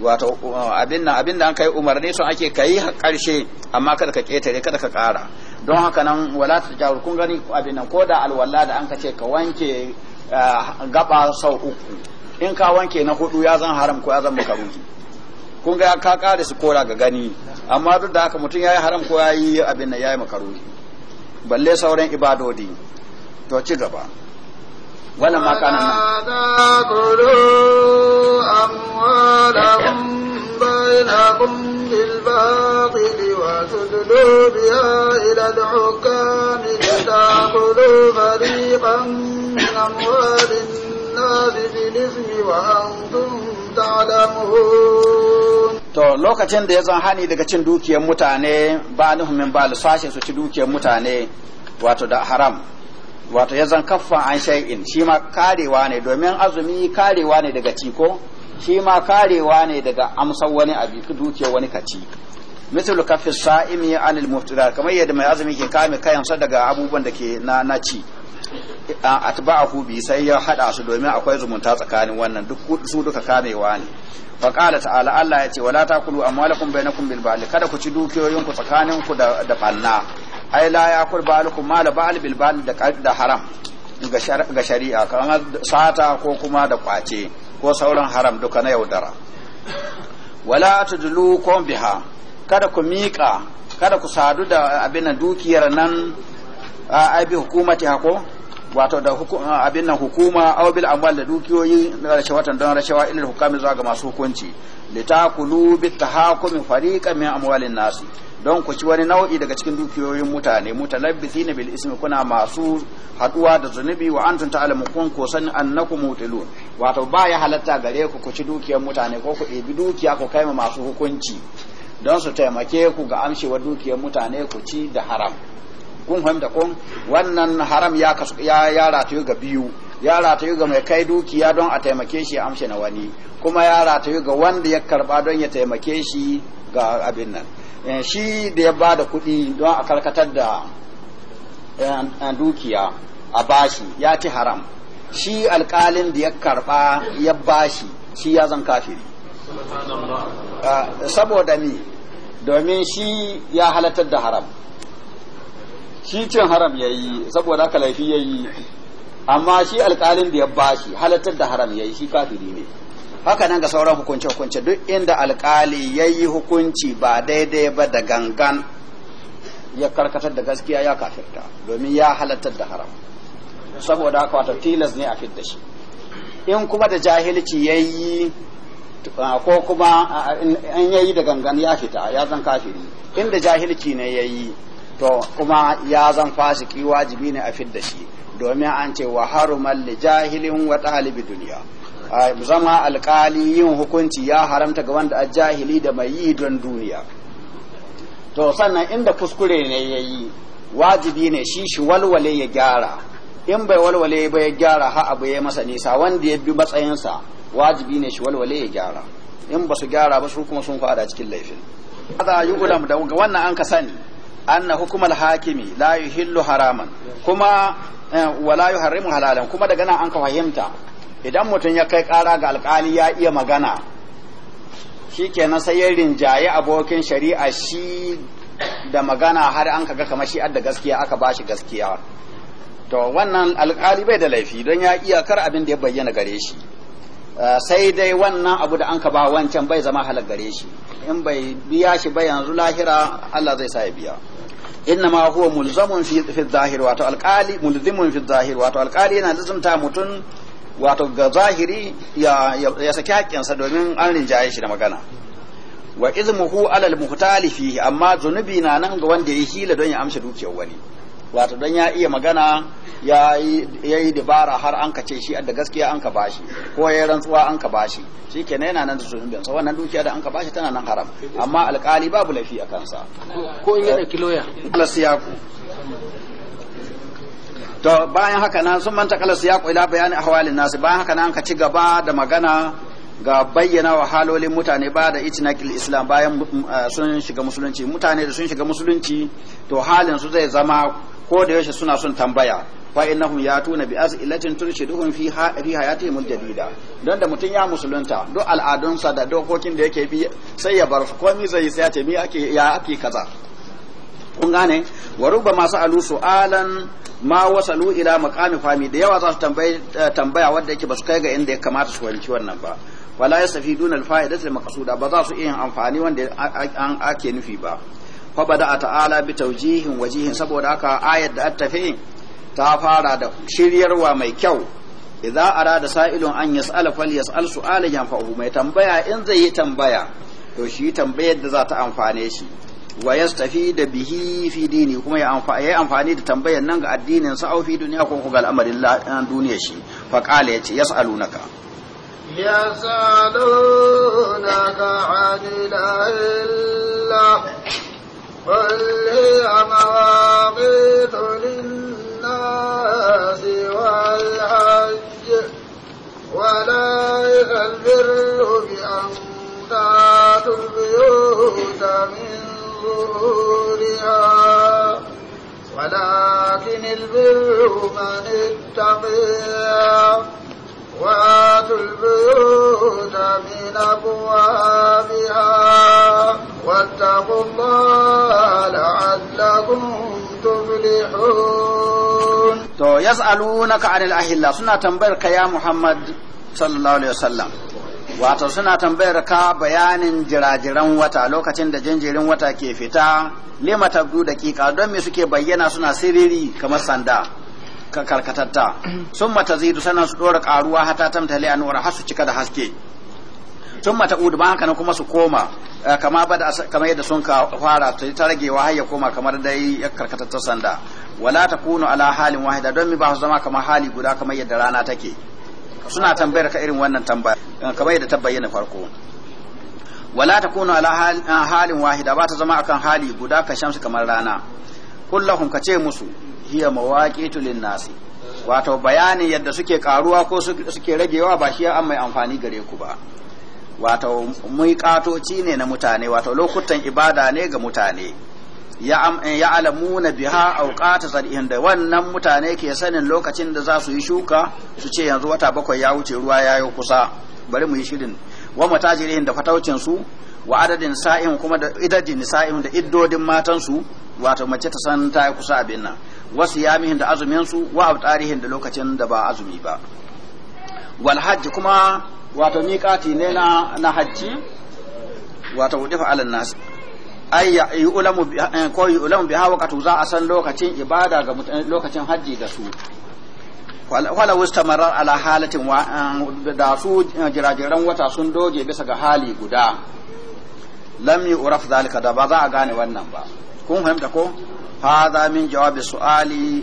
wato abin abinda da an kai umarni sun ake kai har karshe amma kada ka ketare kada ka kara don haka nan wala tajawur kun gani abin nan ko da alwala da an ka ce ka wanke eh, gaba sau uku in ka wanke na hudu ya zan haram ko ya zan makaruhi kun ga ka kare su kora ga gani amma duk da haka mutum yayi haram ko yayi abin yayi makaruhi balle sauran ibadodi to ci gaba wannan ma kana nan kulu amwalakum bainakum bil wa tudlu biha ila al hukam taqulu min amwalin nas bil wa antum ta'lamun to lokacin da ya zan hani daga cin dukiyar mutane ba nuhmin ba sashe su ci dukiyar mutane wato da haram wato ya zan kaffan an shay'in shi ma karewa ne domin azumi karewa ne daga ciko shi ma karewa ne daga amsar wani ka duke wani kaci misal kaffi sa'imi anil kamar yadda mai azumi ke kame kayansa daga abubuwan da ke na na ci atba'ahu bi sai ya hada su domin akwai zumunta tsakanin wannan duk su duka kamewa ne fa qala ta'ala Allah ya ce wala takulu amwalakum bainakum bil bali kada ku ci dukiyoyinku tsakaninku da da banna ai la ya yakul balukum mala ba'al bil bal da haram ga shari'a kamar sata ko kuma da kwace ko sauran haram duka na yaudara wala tudlu kum biha kada ku miƙa kada ku sadu da abin dukiyar nan ai bi hukumati hako wato da abin nan hukuma aw bil amwal da dukiyoyi na rashawatan don rashawa ilal hukami zuwa ga masu hukunci litakulu bit tahakumi fariqan min amwalin nasi don ku ci wani nau'i daga cikin dukiyoyin mutane mutalabbithina bil ismi kuna masu haduwa da zunubi wa antum ta'lamun kun ko san annakum mutilu wato baya halatta gare ku ku ci dukiyar mutane ko ku ɗebi dukiya ku kai masu hukunci don su taimake ku ga amshewa dukiyar mutane ku ci da haram kun fahimta kun wannan haram ya kasu ya ya ratayu ga biyu ya ratayu ga mai kai dukiya don a taimake shi amshe na wani kuma ya ratayu ga wanda ya karba don ya taimake shi ga abin nan Eh, shi da ya ba da kuɗi don a karkatar da eh, dukiya a bashi ya ci haram shi alkalin da ya karba ya bashi shi ya zan kafiri eh, saboda ni domin shi ya halatar da haram shi cin haram ya yi saboda haka laifi ya yi amma shi alkalin da ya bashi halatar da haram ya yi shi kafiri ne haka nan ga sauran hukunce hukunce duk inda alkali ya yi hukunci ba daidai ba da gangan ya karkatar da gaskiya ya kafirta domin ya halatta da haram saboda haka wata tilas ne a fidda shi in kuma da jahilci ya yi uh, ko kuma an uh, yi da gangan ya fita ya zan kafiri inda jahilci ne ya yi to kuma ya zan fasiki wajibi ne a fidda shi domin an ce wa haruman li jahilin wa ɗalibi duniya zama alkali yin hukunci ya haramta ga wanda a jahili da mai yi don duniya to sannan inda kuskure ne ya yi wajibi ne shi shi walwale ya gyara in bai walwale ba ya gyara ha abu ya masa nisa wanda ya bi matsayinsa wajibi ne shi walwale ya gyara in ba su gyara ba su kuma sun fada cikin laifin hada ulam da wannan an ka sani anna hukumar hakimi la yuhillu haraman kuma eh, wala yuharrimu halalan kuma daga nan an ka fahimta idan mutum ya kai ƙara ga alkali ya iya magana shi kenan sai ya rinjaye abokin shari'a shi da magana har an kaga kamar shi da gaskiya aka bashi gaskiya to wannan alkali bai da laifi don ya iya kar abin da ya bayyana gare shi eh, sai dai wannan abu da an ka ba wancan bai zama halar gare shi in bai biya shi ba yanzu lahira Allah zai sa ya biya inna ma huwa mulzamun fi zahir wato alqali mulzimun fi zahir wato alqali yana lazumta mutum. wato ga zahiri ya saki haƙƙinsa domin an rinjaye shi da magana wa izmuhu alal muhtali amma zunubi na nan ga wanda ya hila don ya amsa dukiyar wani wato don ya iya magana ya yi dabara har an kace shi da gaskiya an ka bashi ko ya rantsuwa an ka bashi shi kenan yana nan da zunubin sa wannan dukiya da an ka bashi tana nan haram amma alƙali babu lafi a kansa ko in ya ɗauki loya alasiyaku to bayan haka nan sun manta kala ya ila bayani ahwalin nasu bayan haka nan ka ci gaba da magana ga bayyana wa halolin mutane ba da itinakil islam bayan mm, ah, sun shiga musulunci mutane da sun shiga musulunci to halin su zai zama ko da yaushe suna sun tambaya fa innahum yatuna bi as'ilatin turshiduhum fi fi hayatihim aljadida don da mutun ya musulunta duk al'adunsa da dokokin da yake bi sai ya bar komai zai sai ya ce mi ake ya ake kaza kun gane wa rubba masu alu su'alan ma wasalu ila maqami fami da yawa za su eh, tambaya wadda yake ba su kai ga inda ya kamata su wanci wannan ba wala yastafiduna al-fa'idat al-maqsuda ba za su iya amfani wanda an ake nufi ba fa bada ta'ala bi tawjihin wajihin saboda haka ayat da attafi ta fara da shiryarwa mai kyau idza arada sa'ilun an yas'ala fal yas'al su'alan yanfa'uhu mai tambaya in zai yi tambaya to shi tambayar da za ta amfane shi wa yastafida bihi fi dini kuma ya yi amfani da tambayar nan ga addinin sa au fi duniya ko ga al'amarin duniyar shi fa qala yace yas'alunaka yas'alunaka 'anil illah قل هي مواقيت wa la وليس البر ظهورها ولكن البر من اتقي وآتوا البيوت من أبوابها واتقوا الله لعلكم تفلحون. تو يسألونك عن الأهلة سنة تنبرك يا محمد صلى الله عليه وسلم. wato suna tambayar ka bayanin jirajiran wata lokacin da jinjirin wata ke fita lima tabdu daƙiƙa don me suke bayyana suna siriri kamar sanda ka karkatatta sun mata zidu sannan su ɗora ƙaruwa hata tamtali anwar har su cika da haske sun mata udu ba haka kuma su koma eh, kama bada kamar yadda sun fara ta ragewa haya koma kamar dai karkatattar sanda wala takunu ala halin wahida don mi ba su zama kamar hali guda kamar yadda rana take suna tambayar ka irin wannan tambaya Eh, kamar yadda ta bayyana farko wala ta kuna ala eh, halin wahida ba ta zama akan hali guda ka shamsu kamar rana kullahum ka ce musu hiya mawaqitu lin nasi wato bayani yadda suke karuwa ko suke ragewa ba shi an mai amfani gare ku ba wato katoci ne na mutane wato lokutan ibada ne ga mutane ya eh, alamuna biha awqata zarihin da wannan mutane ke sanin lokacin da za su yi shuka su ce yanzu wata bakwai ya wuce ruwa ya yi kusa bari mu yi shirin wa matajirin da fataucin su wa adadin sa'in kuma da idadin sa'in da iddodin matan su wato mace ta san ta kusa abin nan wasu yamihin da azumin su wa abtarihin da lokacin da ba azumi ba wal hajj kuma wato miƙati ne na na hajji wato wudifa alan nas ay yu'lamu eh, ko yu'lamu biha waqtu za a san lokacin ibada ga eh, lokacin hajji da su wala wusta marar ala halatin um, da su uh, jirajiran wata sun doge bisa ga hali guda lam uraf zalika da ba za a gane wannan ba kun fahimta ko min jawabi su'ali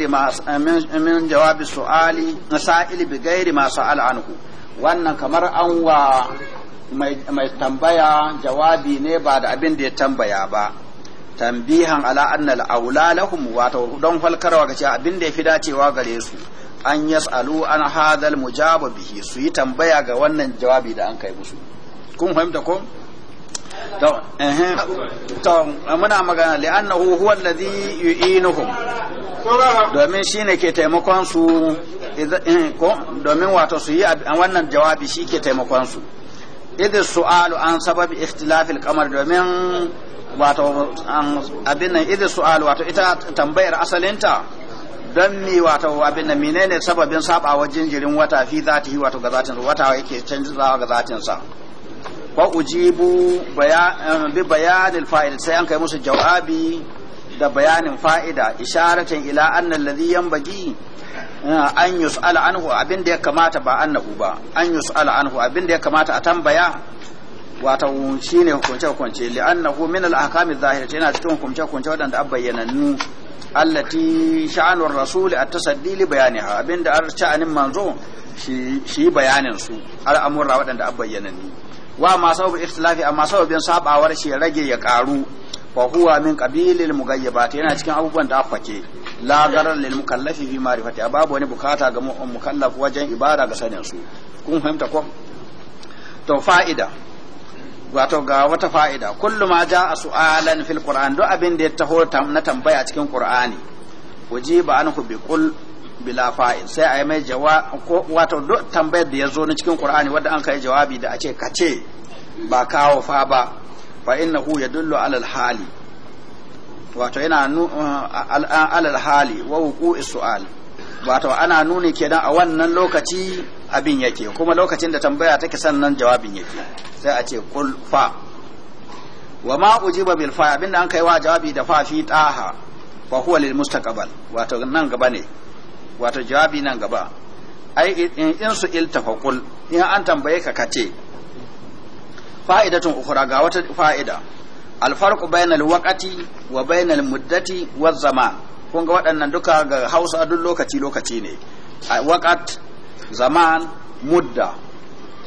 bi سؤالي ma uh, uh, min jawabi su'ali سؤالي bi gairi ma sa'al عنه wannan kamar an wa mai tambaya jawabi ne ba da abin da ya tambaya ba tambihan ala annal aula lahum wato don falkarwa ga cewa abin da fi dacewa gare su an yas'alu an hadal mujaba bihi su yi tambaya ga wannan jawabi da an kai musu kun fahimta ko to eh to muna magana li annahu huwa alladhi yu'inuhum domin shine ke taimakon su eh, ko domin wato su yi wannan jawabi shi ke taimakon su Idan su'alu an sababi ikhtilafil qamar domin wato abin nan idan su'al wato ita tambayar asalinta don mi wato abin nan menene sababin sabawa jinjirin wata fi zati wato ga zatin wata yake canzawa ga zatin sa wa ujibu eh, bi bayanil fa'ida sai an kai musu jawabi da bayanin fa'ida isharatan ila annal ladhi yanbaji eh, an yus'ala anhu abin da ya kamata ba annahu ba an yus'ala anhu abin da ya kamata a tambaya wata shi ne hukunce-hukunce li'annahu min al-ahkami zahira yana cikin hukunce-hukunce waɗanda an bayyanannu allati sha'anur rasul at-tasaddi li bayaniha abinda ar sha'anin manzo shi shi bayanin su amurra waɗanda an bayyanannu wa ma sababu ikhtilafi amma sababin sabawar shi rage ya karu fa huwa min qabilil mugayyibat yana cikin abubuwan da afake la garar lil mukallafi fi ma'rifati babu wani bukata ga mukallaf wajen ibada ga sanin su kun fahimta ko to fa'ida wato ga wata fa'ida kullum ma a su'alan fil qur'an duk abin da ya taho na tambaya cikin ba an ku bi kul bila fa’id sai a yi mai jawa wato duk tambayar da ya zo na cikin ƙur'ani wadda an kai jawabi da a ce kace ba kawo fa ba fa innahu ya dullo alal hali wato yana uh, alal hali wa hukuku su'al wato ana nuni kenan a wannan lokaci abin yake kuma lokacin da tambaya take sannan jawabin yake sai a ce kul fa wa ma ujiba bil fa abinda an kai wa jawabi da fa fi taha fa huwa lil mustaqbal wato nan gaba ne wato jawabi nan gaba ai in su iltafa kul in an tambaye ka kace fa'idatun ukhra ga wata fa'ida al farqu bainal waqati wa bainal muddati waz zaman kun ga waɗannan duka ga hausa duk lokaci lokaci ne a wakat zaman mudda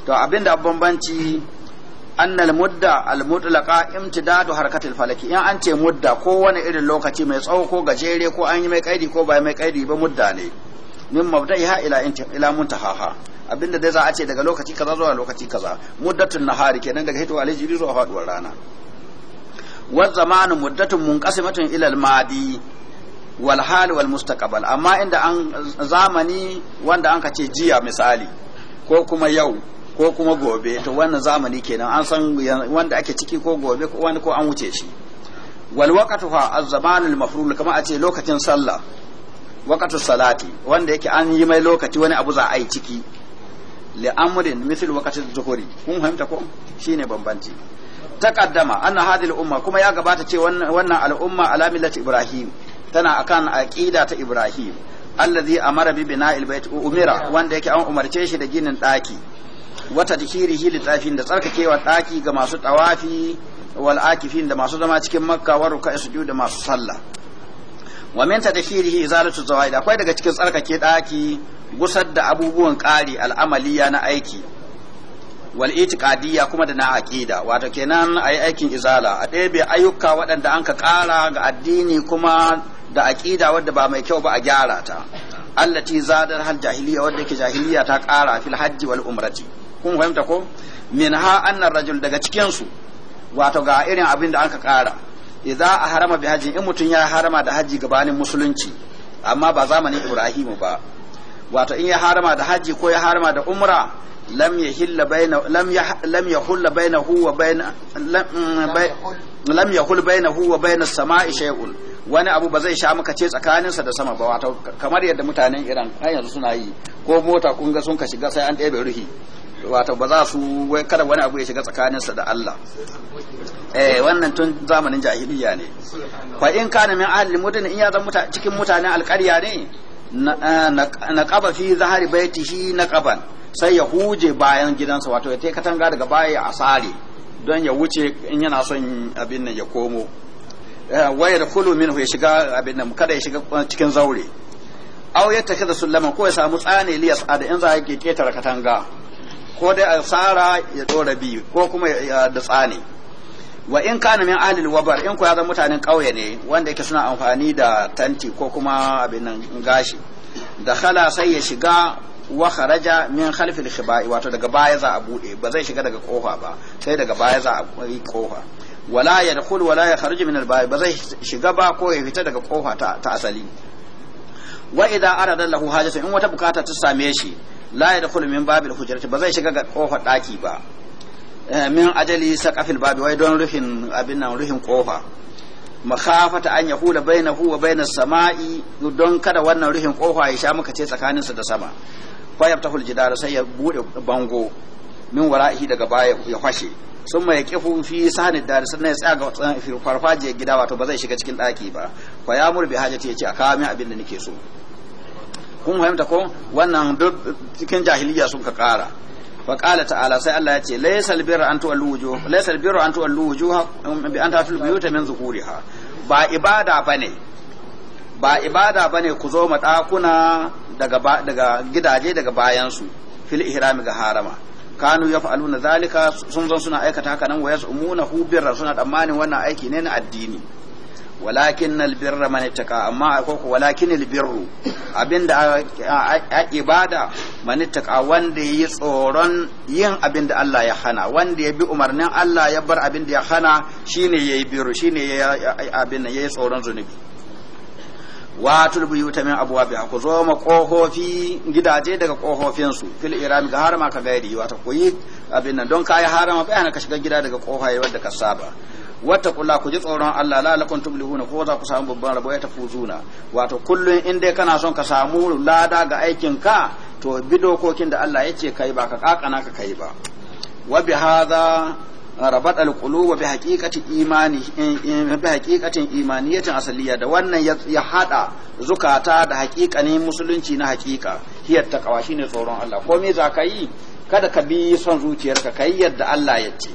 to abinda bambanci annal mudda al mutlaqa imtidadu harakatil falaki in an ce mudda ko wani irin lokaci mai tsawo ko gajere ko an yi mai kaidi ko ba mai kaidi ba mudda ne min ha ila ila muntahaha abinda dai za a ce daga lokaci kaza zuwa lokaci kaza muddatun nahari kenan daga hito alaji zuwa faduwar rana wa zamanu muddatun munqasimatun ila al madi wal hal wal mustaqbal amma inda an zamani wanda an ka ce jiya misali ko kuma yau ko kuma gobe to wannan zamani kenan an san wanda ake ciki ko gobe ko wani ko an wuce shi wal waqtu fa az-zamanul mafrul kama a ce lokacin sallah waqtu salati wanda yake an yi mai lokaci wani abu za a yi ciki li amrin mithl waqti zuhuri kun fahimta ko shine bambanci taqaddama anna hadhihi al-umma kuma ya gabata ce wannan umma ala millati ibrahim tana akan aqida ta Ibrahim allazi amara bi bina'il bait umira wanda yake an umarce shi da ginin daki wata dikirihi tsafin da tsarkakewa daki ga masu tawafi wal akifin da masu zama cikin makka wa ruka sujud da masu sallah wa min tadhirihi izalatu zawaid akwai daga cikin tsarkake daki gusar da abubuwan ƙari al'amaliya na aiki wal itiqadiyya kuma da na aqida wato kenan ayi aikin izala a ɗebe ayyuka waɗanda anka ka ƙara ga addini kuma da aqida wadda ba mai kyau ba a gyara ta allati zadar hal jahiliya wadda ke jahiliya ta ƙara fil hajji wal umrati kun fahimta ko min ha annar rajul daga cikin su wato ga irin abin da aka ƙara idza a harama bi hajji in mutun ya harama da hajji gabanin musulunci amma ba zamanin ibrahimu ba wato in ya harama da hajji ko ya harama da umra lam yahilla bayna lam yah, yahulla bainahu wa lam, mm, lam yahul bainahu wa bainas sama'i shay'un wani abu ba zai sha maka ce tsakaninsa da sama ba wato kamar yadda mutanen Iran har yanzu suna yi ko mota kun ga sun ka shiga sai an ɗebe ruhi wato ba za su wai kada wani abu ya shiga tsakaninsa da Allah eh wannan tun zamanin jahiliya ne fa in kana min ahli mudin in ya muta cikin mutanen alƙarya ne na eh, qaba fi zahari baitihi qaban sai ya huje bayan gidansa wato ya tai katanga daga baya a sare don ya wuce in yana son abin nan ya komo eh, waya da kulu min ya shiga abin nan kada ya shiga eh, cikin zaure aw ya take da sulama ko ya samu tsane liya ada in za ke ketara katanga ko dai a tsara ya dora bi ko kuma da tsane wa in kana min ahlil wabar in ko ya zama mutanen kauye ne wanda yake suna amfani da tanti ko kuma abin nan gashi da khala sai ya shiga wa kharaja min khalfil khiba'i wato daga baya za a bude ba zai shiga daga kofa ba sai daga baya za a bari kofa wala yadkhul wala yakhruju min al ba zai shiga ba ko ya fita daga kofa ta asali wa idza arada lahu hajatu in wata bukata ta same shi la yadkhul min babil hujrati ba zai shiga ga kofa daki ba eh, min ajali saqafil bab wa don rufin abin nan rufin kofa makhafata an yahula bainahu wa bainas sama'i don kada wannan ruhin kofa ya sha muka ce tsakaninsa da sama fa yaftahul jidara sai ya bude bango min wara'ihi daga baya ya fashe sun mai kifu fi sanin dari sannan ya tsaya ga farfajiyar gida wato ba zai shiga cikin ɗaki ba fa ya murbi hajjati ya ce a kawo min abin da nake so kun fahimta ko wannan duk cikin jahiliya sun ka ƙara fa qala ta'ala sai Allah ya ce laysal birra an tu'allu wujuh laysal birra an tu'allu wujuh bi an tatul buyuta min zuhuriha ba ibada bane ba ibada bane ku zo madakuna daga daga gidaje daga bayansu fil ihrami ga harama kanu ya yaf'aluna zalika sun zan suna aikata haka nan waya yas'umuna hu birra suna tsammanin wannan aiki ne na addini walakin albirra man ittaka amma ko walakin albirru abinda a ibada man ittaka wanda yi tsoron yin abinda Allah ya hana wanda ya bi umarnin Allah ya bar abinda ya hana shine yayi birru shine abin yayi tsoron zunubi watul buyuta min abwabiha ku zo ma kohofi gidaje daga kohofin su fil irami ga harama ka gairi wata koyi abin nan don kai harama ana ka shiga gida daga kohaye wanda ka saba wata kula ku ji tsoron Allah la lakum tumlihuna ko za ku samu babban rabo ya tafuzuna wato kullun in dai kana son ka samu lada ga aikin ka to bi dokokin da Allah yace kai ba ka kakana ka kai ba wa bi hadha rabat alquluba bi haqiqati imani bi haqiqatin imaniyatin asaliya da wannan ya hada zukata da haqiqanin musulunci na haqiqa hiyar taqwa shine tsoron Allah ko me za ka yi kada ka bi son zuciyarka kai yadda Allah ya ce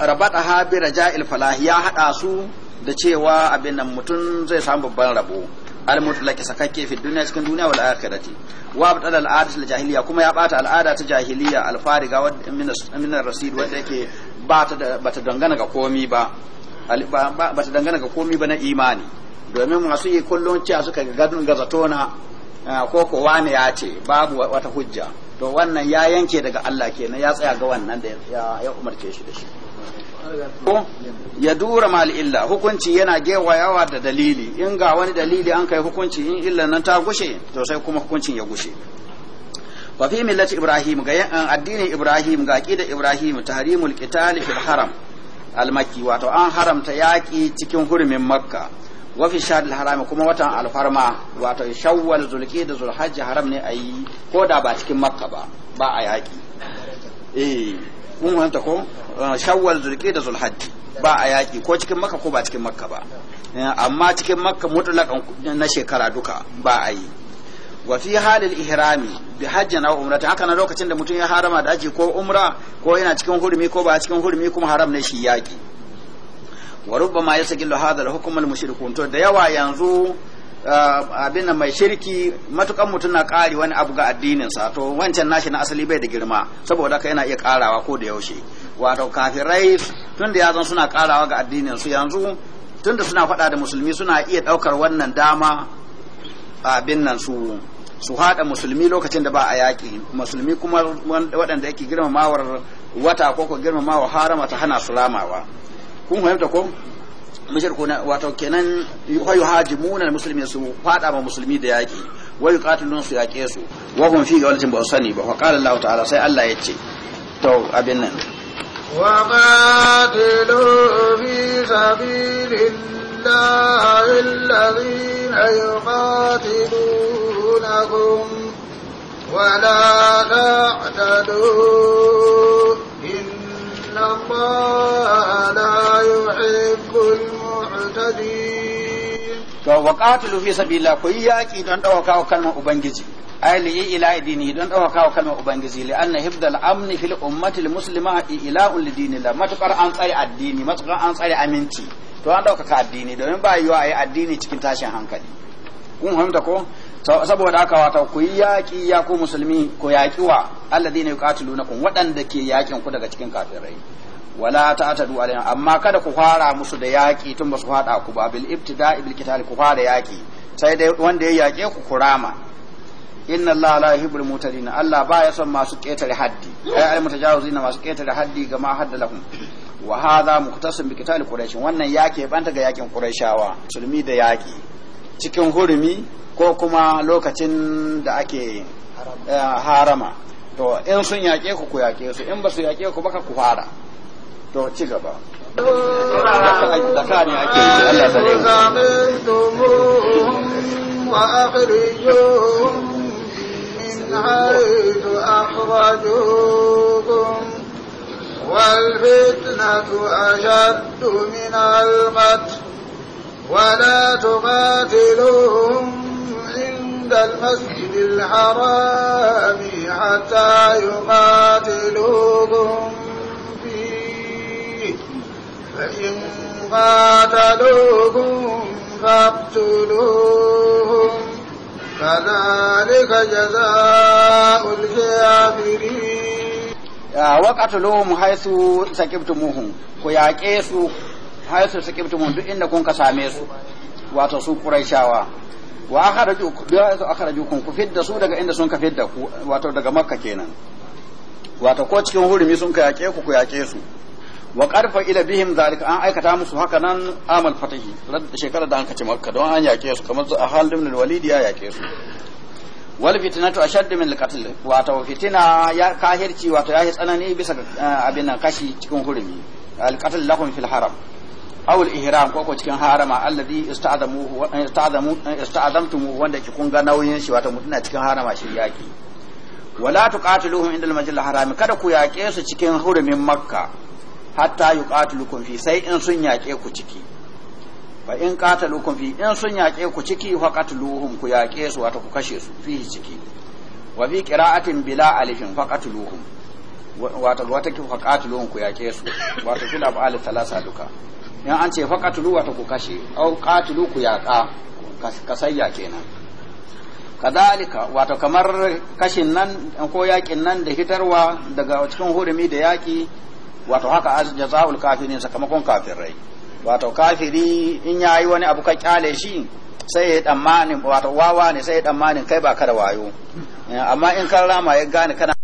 rabat ha bi raja'il falah ya hada su da cewa abin nan mutum zai samu babban rabo al-mutlaq sakakke fi dunya cikin duniya wal akhirati wa abdal al-adat al-jahiliya kuma ya bata al'ada ta jahiliya al-fariga wa min rasid wanda yake ba ta dangana ga komi ba ba dangana ga komi ba na imani domin masu yi kullum cewa suka ga gadon gazatona ko ko wani ya ce babu wata hujja to wannan ya yanke daga Allah kenan ya tsaya ga wannan da ya umarce shi da shi ya dura mal illa hukunci yana gewayawa da dalili in ga wani dalili an kai hukunci in illa nan ta gushe to sai kuma hukuncin ya gushe wa fi millati ibrahim ga eh, addinin ibrahim ga aqida ibrahim tahrimul qital fil haram al makki wato an haramta yaki cikin hurumin makka wa fi shahr haram kuma watan Al-Farma wato shawwal zulqida zulhajj haram ne ayi ko da ba cikin makka ba ba a yaki eh mun wanta ko ah, shawwal zulki da zulhajji ba a yaƙi ko cikin makka ko ba cikin makka ba eh, amma cikin makka mutlaqan na shekara duka ba a yi wa fi halil ihrami bi hajja na umra ta haka na lokacin da mutum ya harama da aji ko umra ko yana cikin hurumi ko ba cikin hurumi kuma haram ne shi yaƙi wa rubbama yasqillu hadha al-hukm al-mushrikun to da yawa yanzu Ah, abin nan mai shirki matukan mutum na ƙari wani abu ga addininsa to wancan nashi na asali bai da girma saboda haka yana iya karawa ko da yaushe wato kafirai tun da ya zan suna karawa ga addininsu yanzu tun da suna faɗa da musulmi suna iya ɗaukar wannan dama abin nan su su haɗa musulmi lokacin da ba a yaƙi musulmi kuma waɗanda yake girmamawar wata ko ko girmamawar harama ta hana su ramawa kun fahimta ko mushrikuna wato kenan fa yuhajimuna almuslimin su fada ma musulmi da yaki wa yuqatilun su yake su wa hum fi gawlatin ba sani ba fa qala Allah ta'ala sai Allah ya ce to abin nan wa qatilu fi sabilillahi alladhina yuqatilunakum wa la ta'tadu To, wa ƙatulu fi sabila ku yi yaƙi don ɗaukaka wa kalmar Ubangiji, ai yi ila idini don ɗaukaka wa kalmar Ubangiji, li anna hibda al’amni fil ummatil muslima a ila ulu dini la matuƙar an tsare addini, matuƙar an tsare aminci, to an ɗaukaka addini domin ba yi wa a yi addini cikin tashin hankali. Kun fahimta ko? saboda aka wata ku yi yaƙi ya ku musulmi ku yaƙi wa alladhi ne yuqatilu nakum waɗanda ke yaƙin ku daga cikin kafirai wala ta'tadu alaihim amma kada ku fara musu da yaƙi tun ba su fada ku ba bil ibtida'i bil qital ku fara yaƙi sai dai wanda ya yaƙe ku kurama inna allaha la yuhibbul mutadin allah ba ya son masu ketare haddi ai al mutajawizin masu ketare haddi ga ma hadda lahum wa hadha muqtasim bi qital quraish wannan yake banta ga yaƙin quraishawa musulmi da yaƙi cikin hurumi ko kuma lokacin da ake eh, harama to in sun yaƙe ku ku yaƙe su in ba su yaƙe ku baka ku fara to ci gaba والفتنة أشد من القتل ولا تقاتلوهم عند المسجد الحرام حتى يقاتلوكم فيه فإن قاتلوكم فاقتلوهم كذلك جزاء الكافرين وقتلوهم حيث سكبتموهم ku yaƙe su haisu su mun duk inda kun ka same su wato su quraishawa wa akhraju da su akhraju kun ku fidda su daga inda sun ka fidda ku wato daga makka kenan wato ko cikin hurumi sun ka yake ku ku yake su wa qarfa ila bihim zalika an aikata musu haka nan amal fatahi radda shekara da an kace makka don an yake su kamar a ibn walid ya yake su wal fitnatu ashaddu min alqatl qatl wato fitina ya kahirci wato ya yi tsanani bisa abin nan kashi cikin hurumi alqatl lahum fil haram awul ihram ko ko cikin harama alladhi ista'zamuhu ista'zamu ista'zamtumu wanda ki kun ga nauyin shi wato mutuna cikin harama shi yaki wala tuqatiluhum indal masjidil harami kada ku yaƙe su cikin hurumin makka hatta yuqatilukum fi sai in sun yaƙe ku ciki fa in qatalukum fi in sun yaƙe ku ciki fa qatiluhum ku yaƙe su wato ku kashe su fi ciki wa bi qira'atin bila alifin fa qatiluhum wato wata ki fa ku yaƙe su wato fil af'al thalatha duka in an ce faƙatulu wata ku kashe au ƙatulu ku yaqa kasayya kenan kadhalika wato kamar kashin nan ko yakin nan da hitarwa daga cikin hurumi da yaki wato haka jazaul kafirin sakamakon kafirai wato kafiri in yayi wani abu ka kyale shi sai ya tsammanin wato wawa ne sai ya tsammanin kai ba ka da wayo eh, amma in kan rama ya gane kana